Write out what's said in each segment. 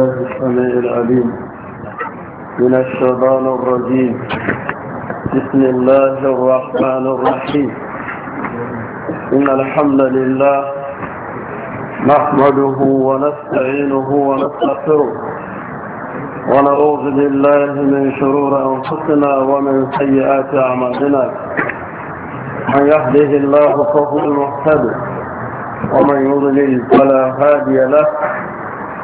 الله العليم من الشيطان الرجيم بسم الله الرحمن الرحيم إن الحمد لله نحمده ونستعينه ونستغفره ونعوذ بالله من شرور أنفسنا ومن سيئات أعمالنا من يهده الله فهو المهتد ومن يضلل فلا هادي له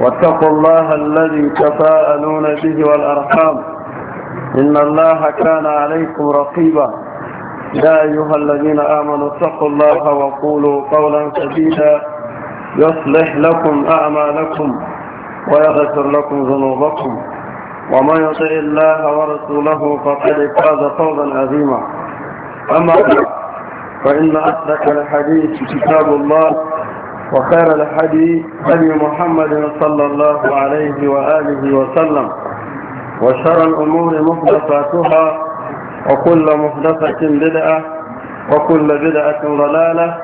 واتقوا الله الذي تفاءلون به والأرحام إن الله كان عليكم رقيبا يا أيها الذين آمنوا اتقوا الله وقولوا قولا سديدا يصلح لكم أعمالكم ويغفر لكم ذنوبكم ومن يطع الله ورسوله فقد فاز قولا عظيما أما فإن أصدق الحديث كتاب الله وخير الحدي أبي محمد صلى الله عليه وآله وسلم وشر الأمور محدثاتها وكل محدثة بدعة وكل بدعة ضلالة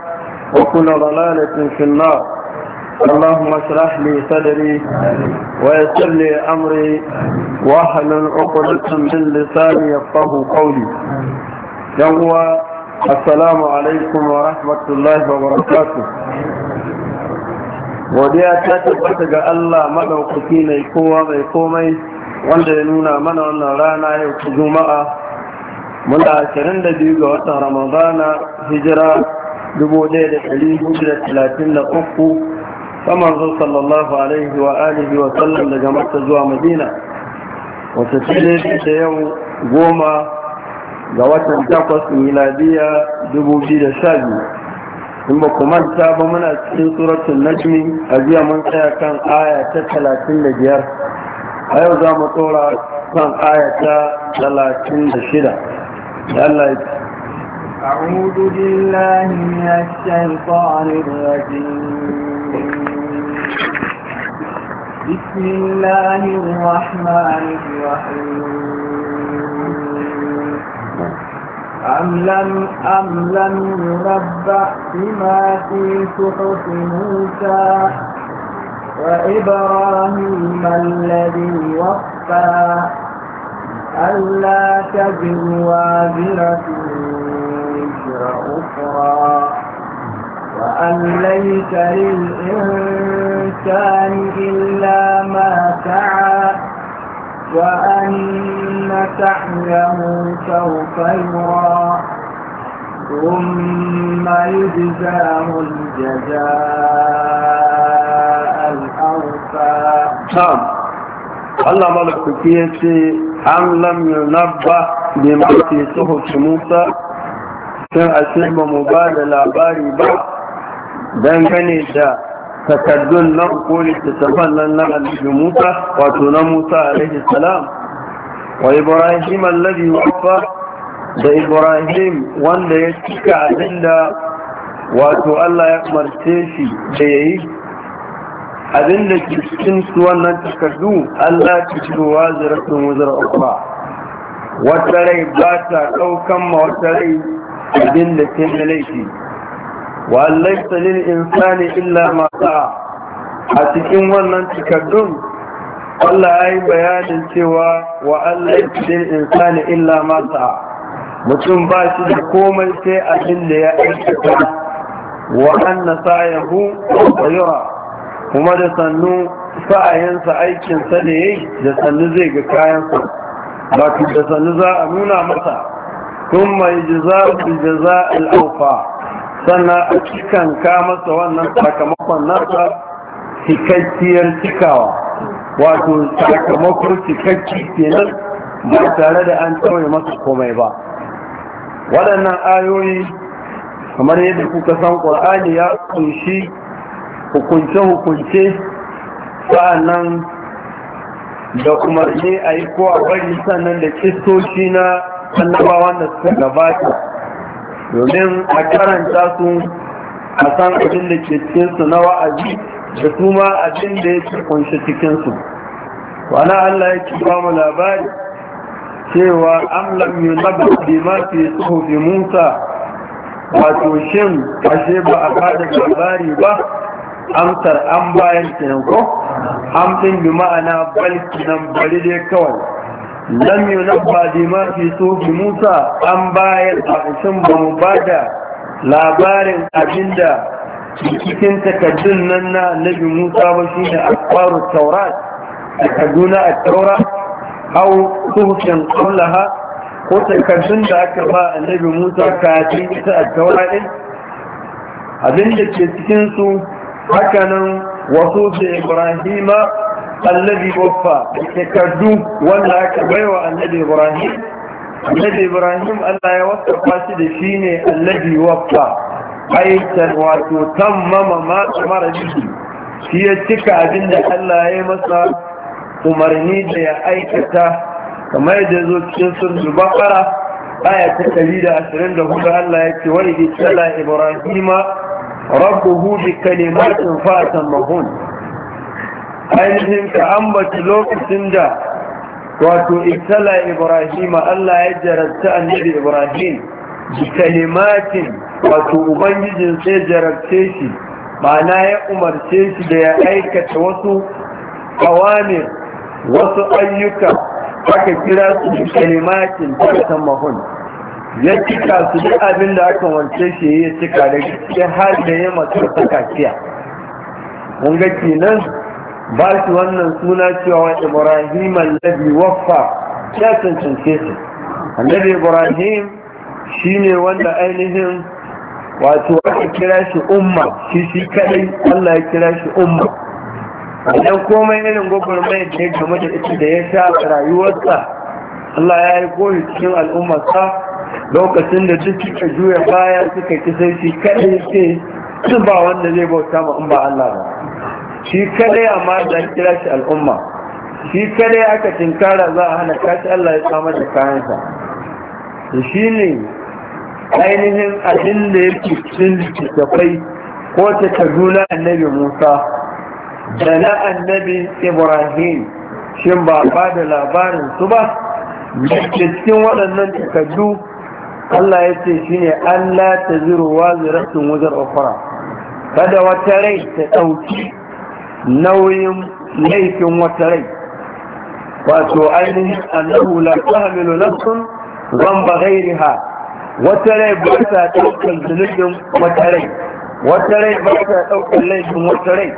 وكل ضلالة في النار اللهم اشرح لي صدري ويسر لي أمري وأهل عقدة من لساني يفقه قولي يوم السلام عليكم ورحمة الله وبركاته godiya ta tabbata ga Allah madaukaki mai kowa mai komai wanda ya nuna mana wannan rana yau ta juma'a muna biyu ga watan ramadana hijira 1433 kamar zo sallallahu alaihi wa alihi wa sallam daga makka zuwa madina wata cire da yau goma ga watan takwas miladiya 2012 ثم كملت بمن أتسين سورة النجم أجي من كان آية تلاتين لجير أيو زام طولا كان آية تلاتين لشدة يلا أعوذ بالله من الشيطان الرجيم بسم الله الرحمن الرحيم أم لم أم لم يربأ بما في صحف موسى وإبراهيم الذي وفى ألا تزر وازرة وزر أخرى وأن ليس للإنسان إلا ما سعى وأن سعيه سوف يرى ثم يجزاه الجزاء الأوفى نعم الله ملك كيتي أم لم ينبه بما في صحف موسى كان أسلم مبادل أباري بعض دنكني takaddun nan ko littattafan nan na annabi Musa wato na Musa alaihi salam wa Ibrahim alladhi wafa da Ibrahim wanda ya cika abinda wato Allah ya umarce shi da yayi abinda ke cikin su wannan takardu Allah ta ciro wa ziratun wuzar ukra wata rai ba ta ɗaukan ma wata rai abinda ke da laifi wa salil lil insani illa ma sa'a a cikin wannan cikaddun Allah ya yi bayanin cewa wa laysa lil insani illa ma sa'a mutum ba shi da komai sai abin da ya aikata wa anna sa'ahu yura kuma da sannu sa'ayensa aikinsa da yayi da sannu zai ga kayan kayansa ba da sannu za a nuna masa ثم يجزاه الجزاء الأوفى sannan a cikin kamata wannan sakamakon nasa cikakkiyar cikawa wato sakamakon cikakki kenan ba tare da an tsaye masa komai ba waɗannan ayoyi kamar yadda kuka san ƙur'ani ya ƙunshi hukunce-hukunce sa'annan da umarni a yi ko a bari sannan da kistoci na annabawan da suka gabata domin a karanta su a san abin da ke su na wa'azi da kuma abin da ya ke kunshi cikinsu wani allah ya ci mu labari cewa na yi nabar bima fi musa wato shin ashe ba a kada labari ba amsar an bayan kenan ko amsin bi ma'ana balki nan bari dai kawai lam yunabba bima fi sufi Musa an bayar a kusan ba labarin abinda cikin takaddun nan na Nabi Musa ba shi da akwaru Taurat takadduna a Taurat aw suhufin qablaha ko takaddun da aka ba Annabi Musa kafin ita a taurarin din abinda ke cikin su hakanan wasu da Ibrahima allazi waffa takardu wanda aka baiwa annabi ibrahim annabi ibrahim Allah ya wasafa shi da shi ne allazi waffa aitan wato tammama ma mara jiki shi ya cika abin da Allah ya masa umarni da ya aikata kamar yadda zo cikin suratul baqara aya ta 124 Allah ya ce wa idza ibrahima rabbuhu bi kalimatin fatan tammahun ainihin ka ambaci lokacin da wato itala ibrahim Allah ya jarabta annabi ibrahim da kalimatin wato ubangijin sai jarabce shi ma'ana ya umarce shi da ya aikata wasu kawamin wasu ayyuka aka kira su da kalimatin ta mahun ya cika su duk abin da aka wance shi ya cika da gaske har da ya masu sakaciya mun ga kenan ba shi wannan suna cewa ibrahim allazi waffa ya cancance shi annabi ibrahim shine wanda ainihin wato aka kira shi umma shi shi kadai Allah ya kira shi umma idan komai irin mai da ya game da ita da ya sha rayuwarsa Allah ya yi koyi cikin al'ummarsa lokacin da duk suka juya baya suka ki sai shi kadai ce ba wanda zai bauta ma in ba Allah ba shi kadai amma da kira shi al'umma shi kadai aka tinkara za a hana kashi Allah ya samar da kayansa da shi ne ainihin abin da ya fi cikin littattafai ko ta kaduna annabi musa da na annabi ibrahim shin ba ba da labarin su ba da cikin waɗannan takardu Allah ya ce shi ne Allah ta ziru wa sun wuzar ofara kada wata rai ta ɗauki nauyin laifin wata rai wato ainihin annahu la tahmilu nafsun zamba ghairiha wata rai ba ta daukar zunubin wata rai wata rai ba ta daukar laifin wata rai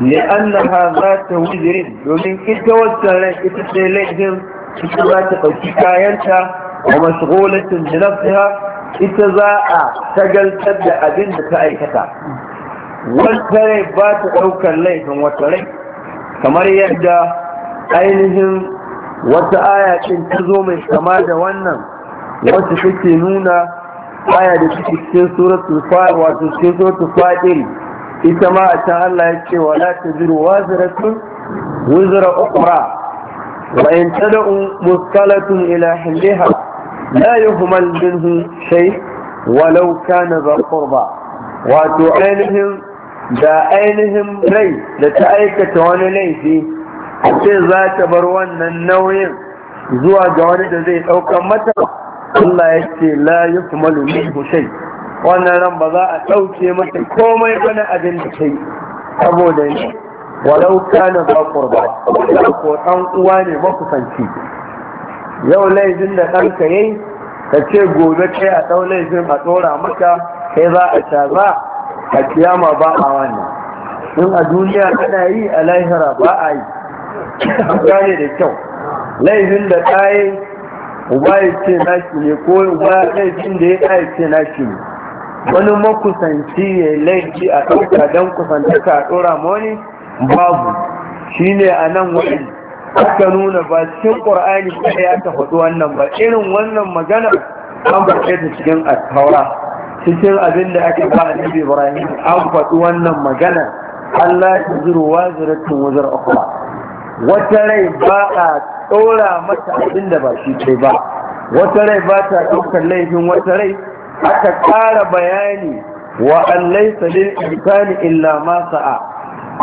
li'annaha za ta wuzirin domin ita wata rai ita ce laifin ita za ta ɗauki kayanta wa mashghulatin bi nafsiha ita za a tagaltar da abin da ta aikata wata rai ba ta ɗaukar laifin wata rai kamar yadda ainihin wata aya ɗin ta zo mai kama da wannan wacce take nuna aya da cikin suratul fa'il wato cikin suratul fa'il ita ma a can Allah ya ce wala taziru waziratun wizra ukhra wa in tad'u musqalatun ila hilliha la yuhmal minhu shay walau kana ba qurba wato ainihin da ainihin rai da ta aikata wani laifi sai za ta bar wannan nauyin zuwa ga wani da zai ɗaukan mata Allah ya ce la yi kuma lumin hushai wannan ran ba za a ɗauke mata komai wani abin da ta yi saboda ne walau kana ba kurba ko ɗan uwa ne makusanci yau laifin da ɗanka yayi ka ce gobe kai a ɗau laifin a ɗora maka kai za a sha za a kiyama ba a wani. in a duniya kada yi a lahira ba a yi gane da kyau laifin da ɗaye uba ya ce na shi ne ko uba laifin da ya ɗaye ce shi ne wani makusanci ya laifi a ɗauka don kusantaka a ɗora mawani babu shi ne a nan wani aka nuna ba cikin ƙwar'ani ya ta faɗi wannan ba irin wannan magana an faɗe ta cikin attaura cikin abin da aka ba annabi ibrahim an faɗi wannan magana allah ya zuru waziratun wazar akwai. wata rai ba a ɗora mata abin da ba shi ce ba wata rai ba ta ɗaukar laifin wata rai aka ƙara bayani wa allai laisa lil insani illa ma sa'a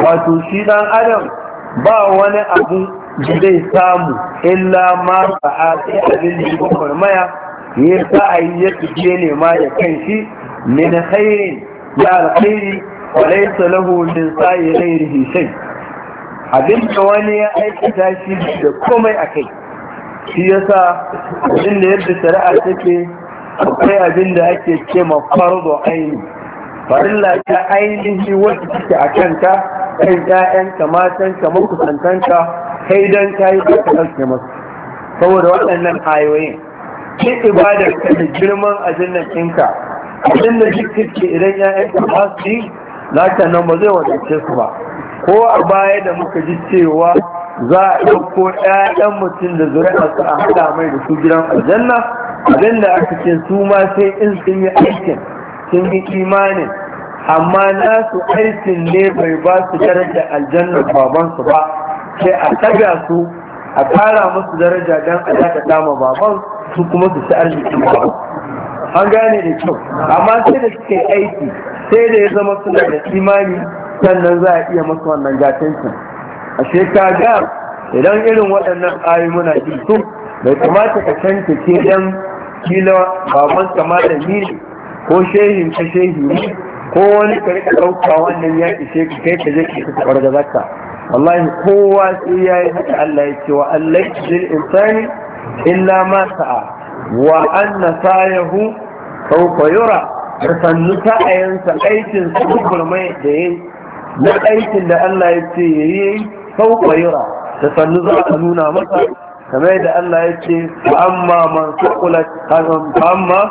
wato shi dan adam ba wani abu da zai samu illa ma sa'a sai abin da ya maya ya sa'ayi ya ne nema da kanshi min khairin ya alkhairi wa laysa lahu min sa'i ghairihi shay abin da wani ya aikata shi da komai akai shi yasa abin da yadda shari'a take akwai abin da ake ce ma fardo aini farilla ta ainihi wacce take a kanka kan ƴaƴanka matanka makusantanka kai dan kayi da ka ɗauke masu saboda waɗannan ayoyin ki ibadar ka da girman ajannan ɗinka abin da duk idan ya yi su yi naka nan ba zai wadace su ba ko a baya da muka ji cewa za a ɗauko ɗayan mutum da zuri'arsa a haɗa mai da su gidan aljanna abin da aka ce su ma sai in sun yi aikin sun yi imanin amma nasu aikin ne bai ba su daraja aljanna babansu ba sai a taga su a kara musu daraja don a daga dama baban su kuma su ci arziki ba an gane da kyau amma sai da suke aiki sai da ya zama suna da imani sannan za a iya masu wannan gatancin a shekara idan irin waɗannan ayi muna ji su bai kamata ka canta ke dan kila baban kama da ni ko shehin ka shehi ne ko wani ka ɗauka wannan ya ishe ka kai ka je ka taɓar da wallahi kowa sai ya yi haka Allah ya ce wa Allah ya ce insani illa ma sa'a wa anna sayahu sawfa yura da sannu sa'ayansa aikin sa gurmai da yayi na aikin da Allah ya ce yayi sawfa yura da sannu za a nuna masa kamar da Allah ya ce amma man saqulat amma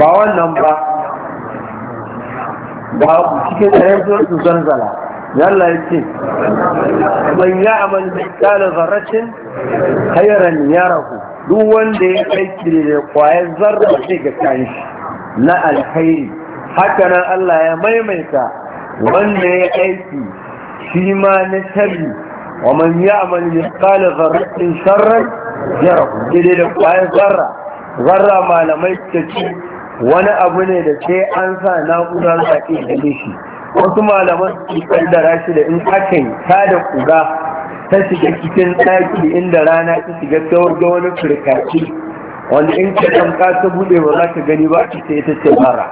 ba wannan ba ba cikin tsayin sun zanzala Allah ya ce man ya amal misalan zarratin khairan yarahu duk wanda ya aiki da kwayar zarra sai ga kan na alkhairi haka nan Allah ya maimaita wanda ya aiki shi ma na sharri wa man ya amal misalan zarratin sharran yarahu daidai da kwayar zarra zarra malamai suka ce wani abu ne da ke an sa na'urar zaƙi da shi wasu malaman su kaddara shi da in aka yi ta da kuga ta shiga cikin ɗaki inda rana ta shiga tsawar ga wani firkaci wanda in ka tamka ta buɗe ba za ka gani ba ta sai ta ce mara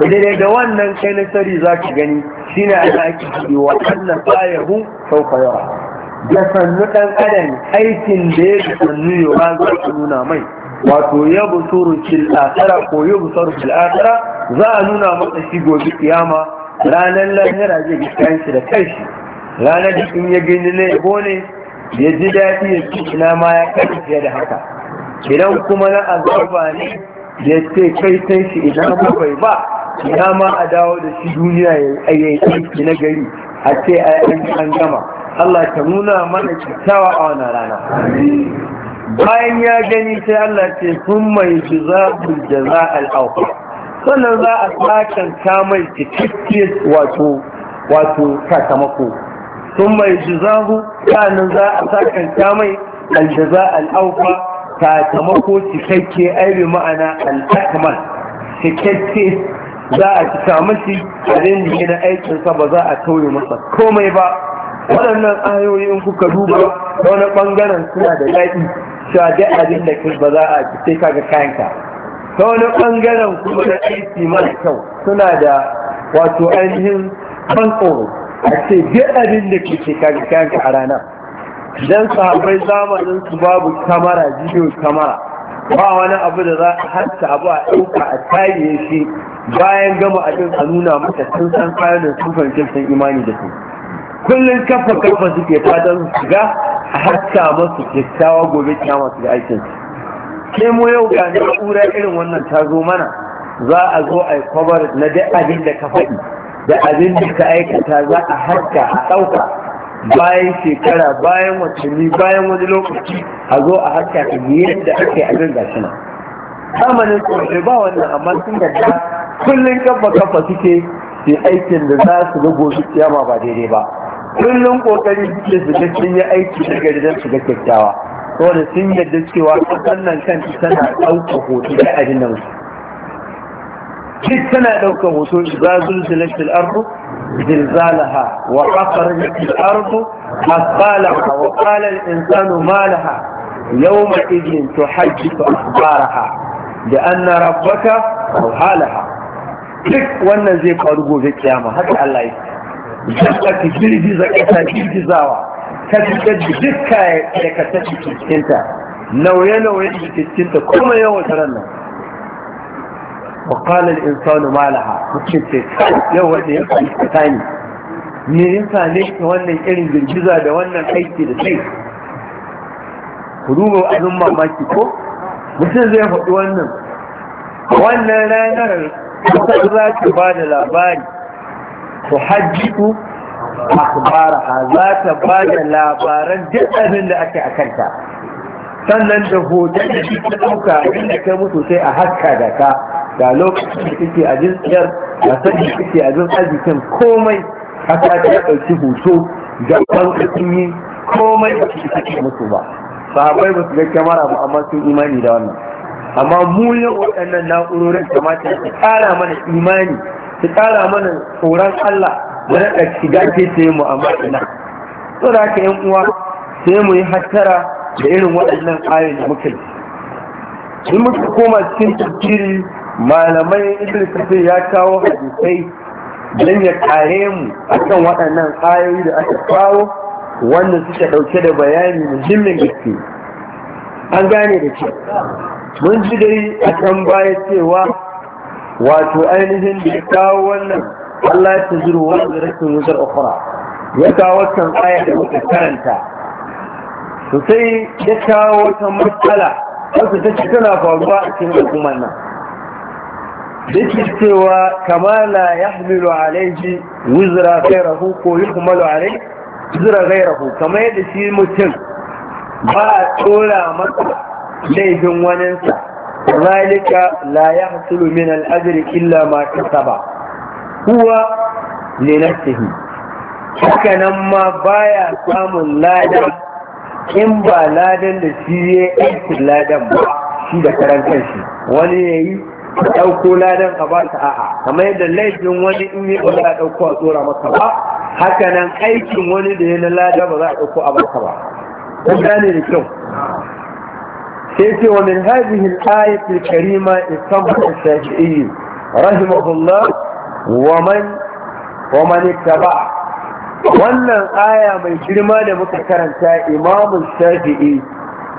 da da wannan kai na nasari za ka gani shi ne a ake shi wa tsaye tsayahu sau yawa da sannu ɗan adam aikin da ya sannu ba za ka nuna mai wato ya busuru fil akhirah ko ya busuru fil za a nuna maka shi gobe kiyama ranar lahira zai ga shi da shi, ranar da in ya gani ne yabo ne ya ji daɗi ya ci ina ma ya kai fiye da haka idan kuma na azaba ne ya ce kai san shi idan ba bai ba ina ma a dawo da shi duniya ya yi aiki na gari a ce an gama Allah ta nuna mana kyakkyawa a wannan rana bayan ya gani sai Allah ce sun mai jizabul jaza al'auku sannan za a sakan kamai cikakke wato wato sakamako sun mai jizahu sannan za a sakan kamai aljaza al'auku sakamako cikakke ai bi ma'ana al'akmal cikakke za a ci mashi abin da na aikinsa ba za a tauye masa komai ba waɗannan ayoyi in kuka duba wani ɓangaren suna da laifi cewa duk abin da ba za a sai kaga kayanka ta wani ɓangaren kuma na aiki mai kyau suna da wato ainihin ban tsoro a ce duk abin da ke kaga kayanka a rana. idan sahabbai zamanin su babu kamara jiyo kamara ba wani abu da za a hasta abu a ɗauka a taye shi bayan gama abin a nuna maka sun san kayan da sun fahimci sun imani da su kullum kafa kafa suke fatan su ga a haska masu kyakkyawa gobe kyawa su da aikin sai mu yau ga na'ura irin wannan ta zo mana za a zo a yi kwabar na da abin da ka faɗi da abin da ka aikata za a haska a ɗauka bayan shekara bayan watanni bayan wani lokaci a zo a haska ka da ake abin gashi nan zamanin tsoron ba wannan amma sun da kullum kafa kafa suke sai aikin da za su ga gobe kiyama ba daidai ba kullum kokari suke su ya yi aiki da gari don su ga kyakkyawa da sun yarda cewa kasar nan kanta tana ɗauka hoto da abin da musu tana ɗauka hoto za zulzilatul ardu زلزالها وحفرت الأرض أثقالها وقال الإنسان ما to يومئذ تحدث أخبارها بأن ربك أوحى لها duk wannan zai faru gobe kiyama haka Allah ya zaka ki girgiza ƙasa zawa, ka fitar da dukka ya ka tafi cikinta nauye-nauye da cikinta kuma yawan taron nan وقال الإنسان ما ce kai yau wanda ya fi kata ne me yasa ne wannan irin girgiza da wannan aiki da sai kuduba azun mamaki ko mutum zai faɗi wannan wannan ranar kusa za ta ba da labari tuhajjitu akhbaraha za ta ba da labaran duk abin da ake a kanta sannan da hoton da shi ta ɗauka inda kai mutu sai a haska da ka ga lokacin da kake a jinsiyar a sanya kake a jin arzikin komai kasa ta ɗauki hoto gaban kasin yi komai ba su kake mutu ba sahabai ba su ga kyamara ba amma sun imani da wannan amma mu yau waɗannan na'urorin kamata su ƙara mana imani su ƙara mana tsoron Allah da na naɗa shiga sai ta yi ma'ina. so da haka yan uwa sai mu yi hattara da irin waɗannan ayoyi da muka yi Sun muka koma cikin tafsiri malamai ibn Kafin ya kawo hadisai don ya kare mu akan waɗannan ayoyi da aka kawo wannan suka ɗauke da bayani muhimmin gaske an gane da ke mun ji dai a can baya cewa wato ainihin da ya kawo wannan Allah ya ta zuru wani rashin wajar ukura ya kawo wancan tsaye da wata karanta to sai ya kawo wata matsala wata ta ce tana faruwa a cikin al'ummar nan dake cewa kama la yahmilu wuzura zai rahu ko yuhmalu zura wuzra rahu kamar yadda shi mutum ba a tsora masa laifin waninsa ذلك لا يحصل من الأجر إلا kuwa ne هو لنفسه haka nan ma baya samun ladan in ba ladan da shi ya aikin ladan ba shi da karan kanshi wani ya yi ɗauko ladan a ba ta a'a kamar yadda laifin wani in yi ba a ɗauko a tsora maka ba haka nan aikin wani da ya na ladan ba za a ɗauko a ba ta ba kun gane da kyau سيتي ومن هذه الآية الكريمة استنبط الشافعي رحمه الله wa Mani اتبع wannan aya mai girma da muka karanta imamun shafi'i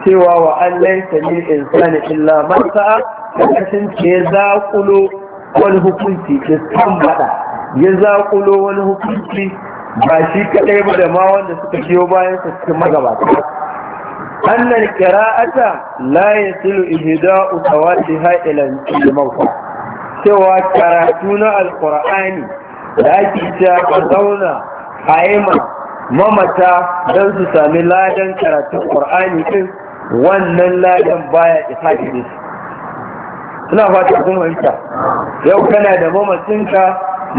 cewa wa allai ne insani illa masa kashin ce ya zaƙulo wani hukunci ya tambada ya zaƙulo wani hukunci ba shi kaɗai ba da ma wanda suka biyo bayan su cikin magabata annal qira'ata la yasilu ihda'u sawatiha ila al-mawt cewa karatu na alqur'ani da ake ta zauna aima mamata don su sami ladan karatun qur'ani din wannan ladan baya isa gare ina fata kun fahimta yau kana da mamacinka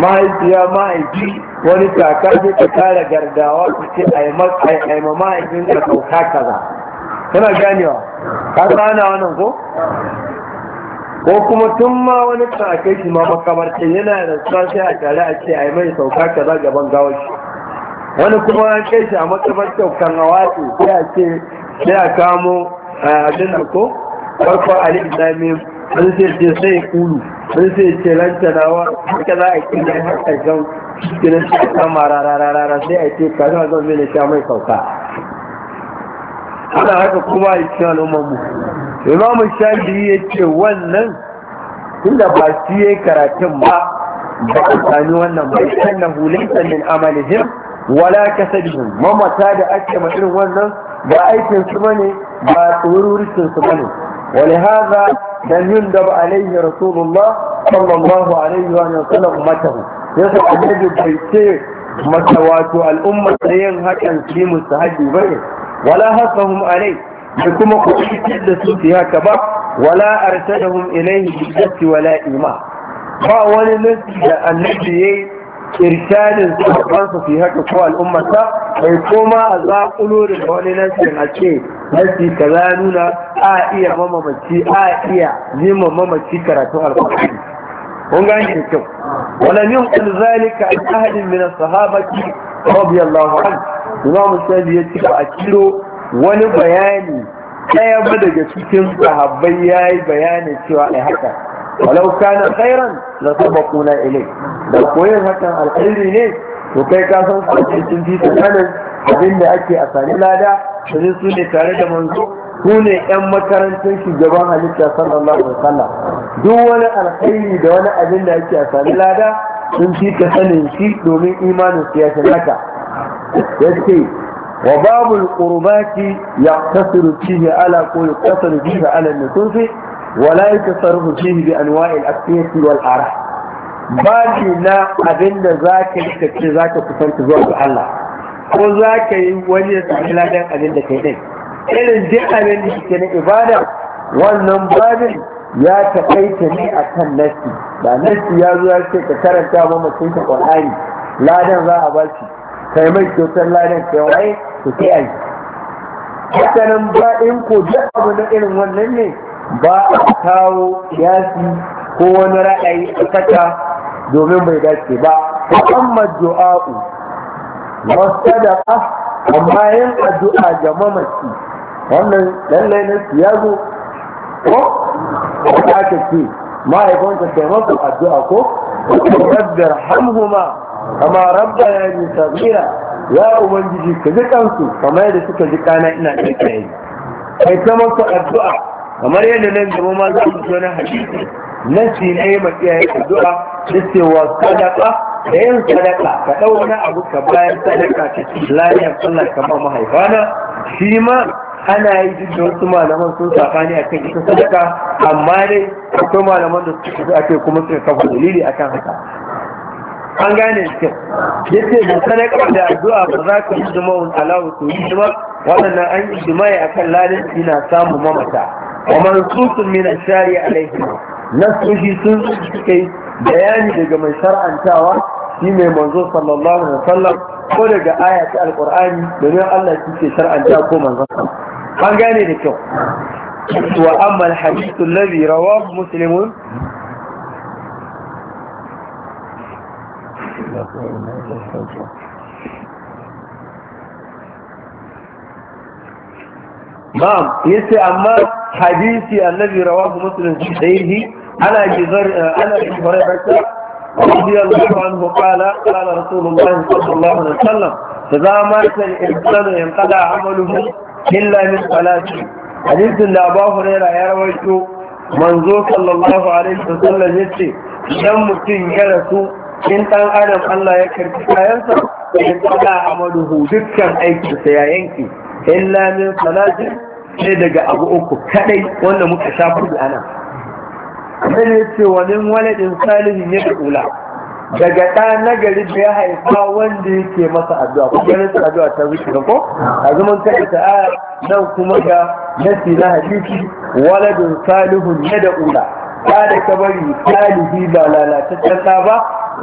mahaifiya mahaifi wani kaka ce ka tara gardawa su ce a yi mahaifinka sauka kana ganewa ka tsana wannan ko ko kuma tun ma wani kan a kai shi ma makamarcin yana da sai a tare a ce a yi mai sauka kaza gaban gawar shi wani kuma an kai shi a makamarcin kan awaki sai a ce sai a kamo a da ko farko ali islami sun sai ce sai kulu sun sai ce lantanawa suka za a kira har ƙarshen cikin sai a kama rarararara sai a ce kaza zan mene sha mai sauka ana haka kuma a cikin mu. imamu shafi'i ya ce wannan inda ba shi ya karatun ba ba a wannan bai sannan hulinsa min amalihim wala kasabihim mamata da ake ma irin wannan ba aikin su bane ba tsururcin su bane ولهذا لم يندب عليه رسول الله صلى الله عليه وسلم أمته يسأل النبي da yin الأمة سيين هكذا في مستهدي بيه wala hasahum alai da kuma kuɗi da su fi haka ba wala arsadahum ilaihi bi wala ima ba wani nasi da annabi yayi irshadin sahabbansa fi haka ko al'ummarsa bai koma a zaƙulo daga wani nasin a ce nasi kaza nuna a iya mamamaci a iya mamaci karatun alƙur'ani kun gane da kyau wala min qul zalika an ahadin min as-sahabati radiyallahu anhu imam sabi ya ci a kiro wani bayani daya ba daga cikin sahabbai yayi bayani cewa ai haka walau kana khairan la sabaquna ilay da koyon hakan alkhairi ne to kai ka san cikin cikin sanin abinda ake a sani lada sai su ne tare da manzo su ne 'yan makarantar shugaban halitta sallallahu alaihi wasallam duk wani alkhairi da wani abin da yake a sami lada sun fi ka sanin shi domin imanin su ya shiraka ya ce wa babul qurbati yaqtasiru fihi ala ko yaqtasiru fihi ala nusufi wa la yatasarrafu fihi bi anwa'il aqsiyati wal arah babi na abin da zaka yi ka ce zaka kusanta zuwa ga Allah ko zaka yi wani ya sami ladan abin da kai din irin duk abin da suke na ibada wannan babin ya takaita ne a kan nasi ba nasi ya zo ya ce ka karanta ma mutum ka ƙwarari ladan za a ba kai mai kyautar ladan kai waye to sai a hakanan ba in ko duk abu na irin wannan ne ba a kawo yasi ko wani ra'ayi a kata domin bai dace ba muhammad du'a'u wasu da amma yin addu'a ga mamaci wannan lallai na ya zo ko ko aka ce mahaifinka da addu'a ko kaddar hamhuma kama rabba ya yi sabira ya ubangiji ka ji kansu kamar yadda suka ji kana ina ɗauke yi kai ta addu'a kamar yadda nan gaba ma za su zo na hadisi nasi ne ma yi addu'a da cewa sadaka, da yin sadaka ka ɗau wani abu ka bayan sadaka ta lafiyar kamar mahaifana shi ma ana yi duk da wasu malaman sun safani a kan ita sadaka amma dai akwai malaman da suka fi ake kuma suka kafa dalili a kan haka an gane kyau ya ce da sadaka da addu'a ba za ka yi zama wani alawu to yi zama waɗannan an yi jima'i a kan lalin na samun mamata wa mansusun min ashari alaihi nasuhi sun suka yi bayani daga mai shar'antawa shi mai manzo sallallahu alaihi wasallam ko daga ayatul alqur'ani domin Allah yake shar'anta ko manzo an gane da kyau wa amal hadisun labi rawar musulmin ba ya amma hadisi annabi rawahu muslim sayyidi ana jizar ana jizar bata rabbi allah wa anhu qala qala rasulullah sallallahu alaihi wasallam fa zama kan insanu yanqada amaluhu illa min salati hadisin da Abu ya rawaito manzo sallallahu alaihi wasallam yace idan mutum ya rasu in dan adam Allah ya karbi kayansa ya tsada amaluhu dukkan aikinsa ya yanke illa min salati sai daga abu uku kadai wanda muka shafi ana. Sai ne ce wani waladin salihin ya kula daga ɗa na gari da ya haifa wanda yake masa addu'a ko ganin su addu'a ta zuci ko a zaman kai ta a nan kuma ga nasi na hadisi waladun Salihu ya da ula ta da bari salihi ba lalatattar ta ba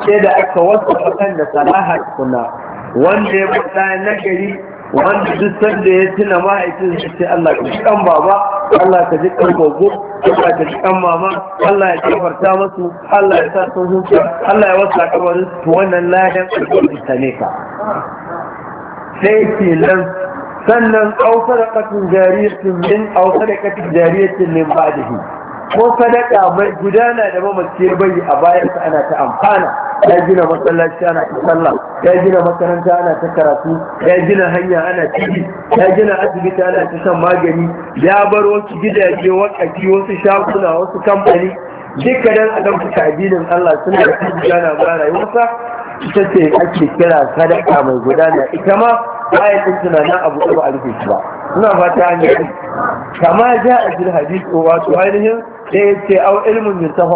sai da aka wasu kasan da salaha kuna wanda ya faɗa na gari wanda duk sanda ya tuna mahaifin su ce Allah ka ji kan baba Allah ka ji kan gogo Allah ka ji kan mama Allah ya kafarta masu Allah ya sa sun huta Allah ya wasa kabarin su wannan lahiyar alƙawari ta ne ka sai ke nan sannan au sadaqatin jariyatin min au sadaqatin jariyatin min shi. ko sadaka mai gudana da mamaciyar bai a bayansa ana ta amfana ya gina masallaci ana ta sallah ya gina makaranta ana ta karatu ya gina hanya ana ciki ya gina asibiti ana ta shan magani ya bar wasu gidaje wakati wasu shaguna wasu kamfani duka dan adam ta addinin Allah suna da gudana ba rayuwarsa ita ce ake kira sadaka mai gudana ita ma bayan ɗin tunanin abu ɗaba a rufe shi ba suna fata an yi kama ja a jil hadis wato ainihin da ya ce au ilmin min safa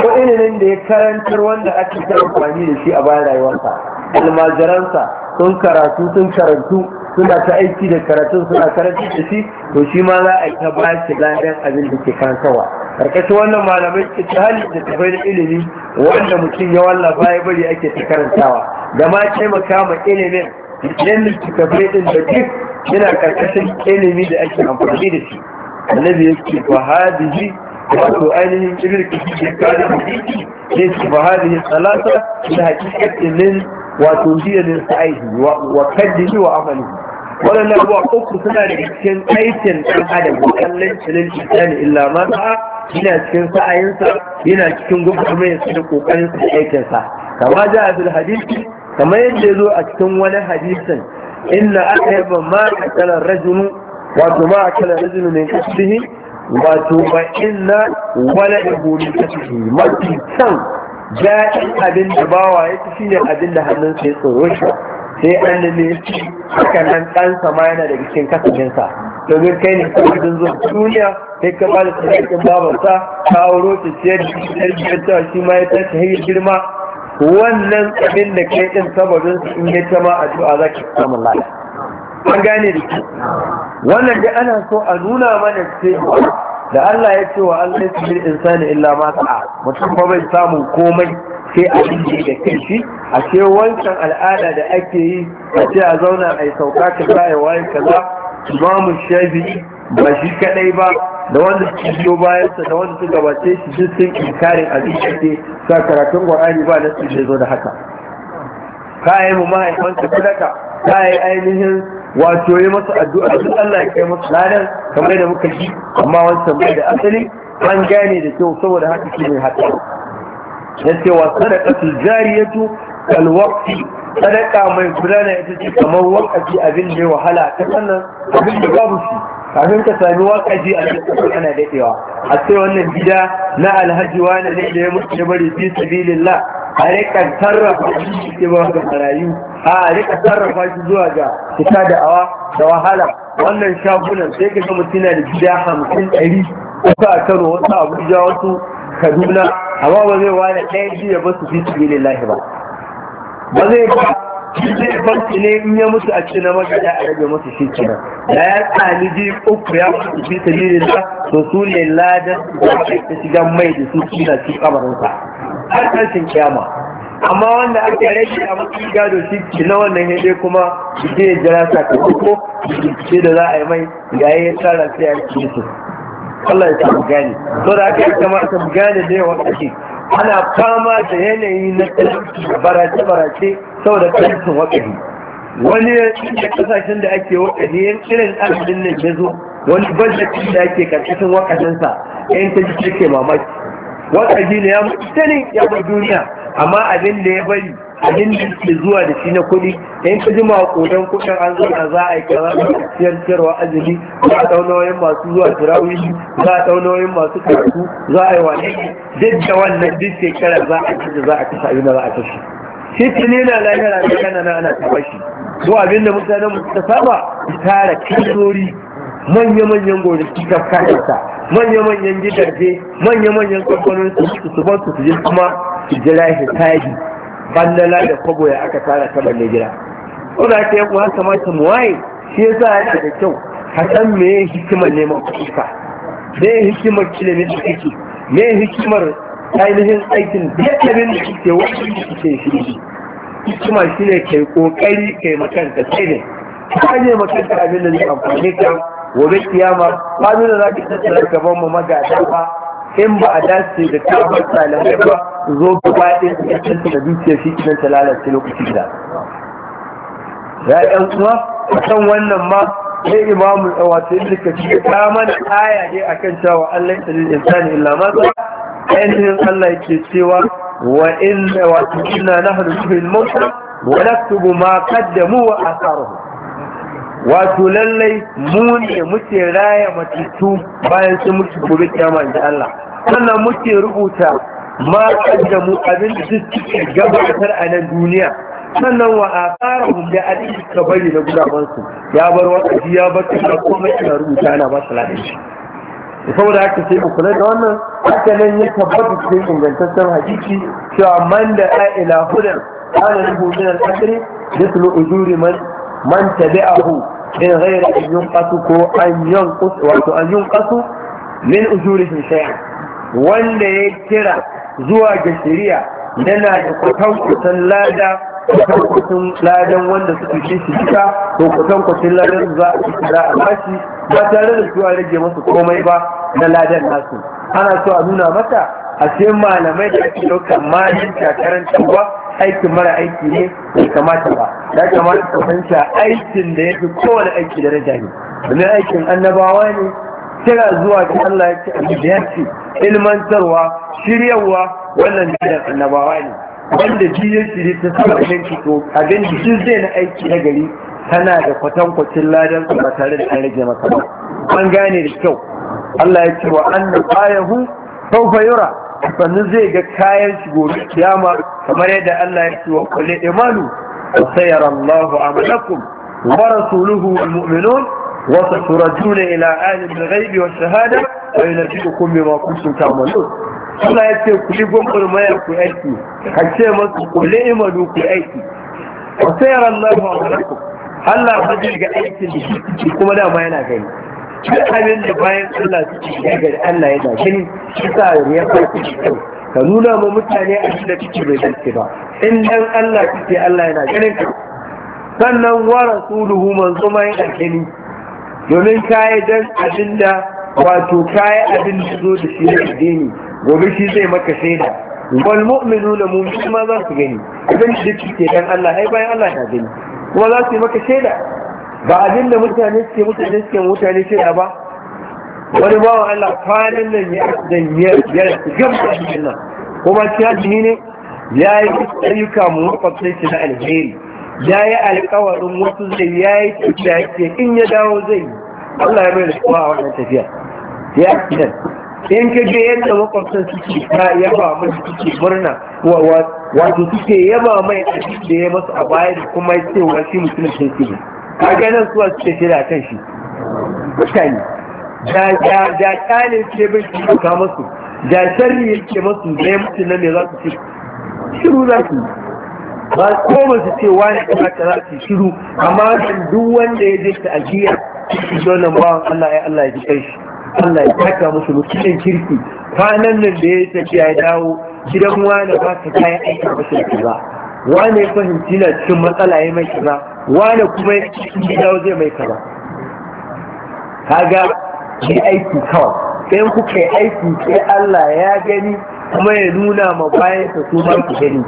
ko ilimin da ya karantar wanda ake ta amfani da shi a bayan rayuwarsa almajiransa sun karatu sun karantu suna ta aiki da karatu suna karatu da shi to shi ma za a yi ta ba shi ladan abin da ke kan kawa karkashin wannan malamai ke ta hali da tafai da ilimi wanda mutum ya wallafa ya bari ake ta karantawa da ma taimaka ma ilimin idan littattafai din da duk yana karkashin ilimi da ake amfani da shi annabi yake wa hadiji wato ainihin da ya kare da shi ne ba hadiji salasa da hakikatin wato jiya ne su aiki wa kaddihi wa amali waɗannan abubuwa uku suna da cikin aikin ɗan adam wa kallon cinin insani illa ma yana cikin sa'ayinsa yana cikin gwamnati mai da kokarin sa kama ja a hadisi kamar yadda ya zo a cikin wani hadisin inna aka yaba ma akalar rajulu wato ma akalar rajulu ne kasbihi wato ba inna wala da gori kasbihi mafi san. daɗin abin da bawa ya fi ne abin da hannun ya tsoro shi sai an shi haka nan ɗansa ma yana da cikin kasafinsa domin kai ne kuma jin zuwa duniya sai ka ba da tsarkin babarsa ta wuro ta ciyar da tsarkin ta shi ma ya tashi hanyar girma wannan abin da kai ɗin sababin su in ya tama zuwa, za ki samu lada an gane da ke wannan da ana so a nuna mana cewa da Allah ya ce wa Allah ya bil insani illa ma sa'a mutum fa bai samu komai sai abin da da kanshi a ce wancan al'ada da ake yi a ce a zauna a yi sauka ka za a waye kaza imamu shafi'i ba shi kadai ba da wanda suke biyo bayansa da wanda suka gabace shi duk sun inkarin abin da ke sa karatun qur'ani ba nasu da zo da haka kayan mu ma'aikanka sadaka yi ainihin wato yi masa addu'a duk Allah ya kai masa ladan kamar da muka ji amma wancan bai da asali an gane da kyau saboda haka shi ne haɗa ya ce wa sadaqatul jariyatu kal waqti sadaka mai gudana ita ce kamar waqti abin da ya wahala ta sannan abin da babu shi kafin ka sami wakaji a cikin ana daɗewa a sai wannan gida na alhaji wani ne da ya mutu ya bari fi sabilillah a rika sarrafa shi ke ba ga marayu a rika sarrafa shi zuwa ga fita da awa da wahala wannan shagunan sai ka ga mutum da gida hamsin ɗari wasu a kano wasu abuja wasu kaduna amma ba zai wani ɗaya ji ya basu fi sabilillah ba ba ba zai banki ne in ya mutu a cikin magana a rage musu shi kenan da ya tsani ji uku ya mutu fi sabilillah to su ne ladan da ta shiga mai da su kina suna cikin kabarinsa har karshen kiyama amma wanda aka rage a matsayin gado shi na wannan hede kuma shi ya jira sakamako shi da za a yi mai yayin ya tsara sai a cikin su Allah ya samu gane so da aka yi kamata mu gane da yawan ake ana fama da yanayi na talauci barace-barace saboda karancin wakafi wani da kasashen da ake wakafi yin irin ƙarfin nan ya zo wani bajetin da ake ƙarfin wakafinsa yan ta ji ke mamaki wakafi ne ya mutane ya bar duniya amma abin da ya bari abin da ke zuwa da shi na kuɗi yan ka ji makonan kuɗin an zo na za a yi kaza da siyar siyarwa azumi za a wayan masu zuwa turawishi za a wayan masu karatu za a yi wa ne duk da wannan duk shekara za a ci da za a kashe abin da za a kashe shi ne na lahira da kana na ana taɓa shi to abin da mutanen ta saba tara kilori manya-manyan su ta kayansa manya-manyan gidaje manya-manyan kamfanin su su ba su je kuma su jira hisabi bandala da kwabo ya aka tara ta balle gida ko ta yi kuwa sama ta muwaye shi yasa yana da kyau hasan mai me hikimar neman kusurka me hikimar kilomita kake me hikimar ainihin aikin tattalin da kike wani da kike shi kuma shi ne kai kokari kai makanta sai ne ka ne makanta abin da zai amfani ka gobe kiyama ba nuna za ka tattara gaban mu magada ba in ba a dace da tabar talibai ba zo gaba ɗin da da dukiyar shi idan ta lalace lokaci da ya yan uwa kan wannan ma sai imamu wato ibn ciki ta mana aya a kan cewa Allah ya in insani illa maza. sa ainihin Allah ke cewa wa in wa inna nahnu fil mawt wa naktubu ma qaddamu wa tsaro. wato lallai mu ne muke raya matitu bayan sun muke gobe kiyama da Allah sannan muke rubuta ma qaddamu abin da suke gabatar a nan duniya sannan wa a tsarahun da a cikin kabari na gudabansu ya bar ba ya bar kuma ina rubuta ana ba su laɗin shi saboda haka sai mu kula da wannan haka nan ya tabbata cikin ingantaccen hakiki cewa man da a ila hudan ana rubu min al-qadri mithlu ujuri man man hu in ghayra an kasu ko an yunqas wato an yunqasu min shi shay'an wanda ya kira zuwa ga shari'a yana da kwatankwatan lada kwatankwacin ladan wanda suke ce su cika ko kwatankwacin ladan za a ci da a bashi ba tare da cewa rage masu komai ba na ladan nasu ana so a nuna mata a ce malamai da ake ɗaukar malin shakaran cewa aikin mara aiki ne bai kamata ba ya kamata ka fahimta aikin da ya fi kowane aiki daraja ne domin aikin annabawa ne kira zuwa ga Allah ya ce a ilmantarwa shiryawa wannan jiran annabawa ne wanda ji ya tsiri ta saba minti to abin da zai na aiki na gari tana da kwatankwacin ladan ba tare da an rage maka ba an gane da kyau Allah ya ce wa annan ayahu sawfa yura sannan zai ga kayan shi gobe kiyama kamar yadda Allah ya ce wa kulli imanu wa sayara Allahu amalakum wa rasuluhu wal mu'minun wa saturajuna ila alim da ghaibi wash-shahada wa yunabbiukum bima kuntum ta'malun Allah ya ce ku yi gwagwarmayar ku aiki ka ce masu kule imanu ku aiki wa sayar Allah wa malakum Allah ba zai ga aikin da kuma da dama yana gani duk abin da bayan Allah suke ya gari Allah yana gani shi sa ya farko shi kyau ka nuna ma mutane a cikin da kike bai dace ba in dan Allah kike Allah yana ganin ka sannan wa rasuluhu manzo ma yana gani domin kai dan abinda wato kai abin da zo da shi ne addini gobe shi zai maka shaida wal mu'minu na mu'min ma za su gani idan da ke dan Allah ai bayan Allah ya gani kuma za su yi maka shaida ba abin da mutane suke mutane suke mutane shaida ba wani ba wa Allah kwanan nan ya dan ya ya gamba shi nan kuma shi ne ya yi ayyuka mu makwabtai shi na alheri ya yi alkawarin wasu zai ya yi tafiya in ya dawo zai Allah ya bai da kuma a wannan tafiya ya fi in ka ga yadda makwabtan suke ta yaba mai suke murna wato suke yaba mai a da ya masu a baya da kuma ya wa shi mutumin sun ke ka ga nan suwa suke shirya kan shi mutane da kyale ce bai su ka masu da sharri ce masu zai mutu nan ne za su ce shiru za su ba su ba su ce wani kuma ta za su shiru amma duk wanda ya je ta ajiya shi zonan bawan Allah ya Allah ya ji kai shi Allah ya taka musu mutumin kirki kwanan nan da ya tafiya ya dawo gidan wani ba ka kayan aiki ba su ba wani ya fahimci na cikin matsala ya mai kaza wani kuma ya dawo zai mai kaza kaga ki aiki kawai sai kuka yi aiki sai Allah ya gani kuma ya nuna ma bayan sa su ma ku gani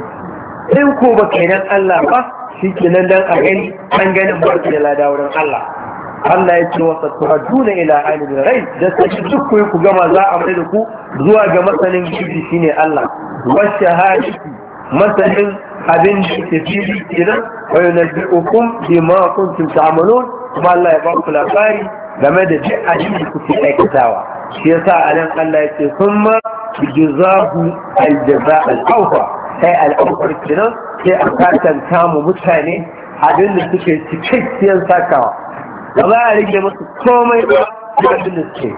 in ko ba kai nan Allah ba shi kenan dan a gani an gani ba da lada Allah Allah ya ce wa satturaduna ila alimil ghaib da sai duk ku ku gama za a mai da ku zuwa ga masanin gidi shine Allah Wacce shahadati masanin abin da ke fili kenan wa yunabbi'ukum bima kuntum ta'malun kuma Allah ya ba ku labari game da duk abin da kuke aikatawa shi yasa anan Allah ya ce ma jazahu aljaza al-awfa sai al kenan sai a katanta mu mutane abin da suke cikakkiyar sakawa ba za a rike musu komai ba da abin da suke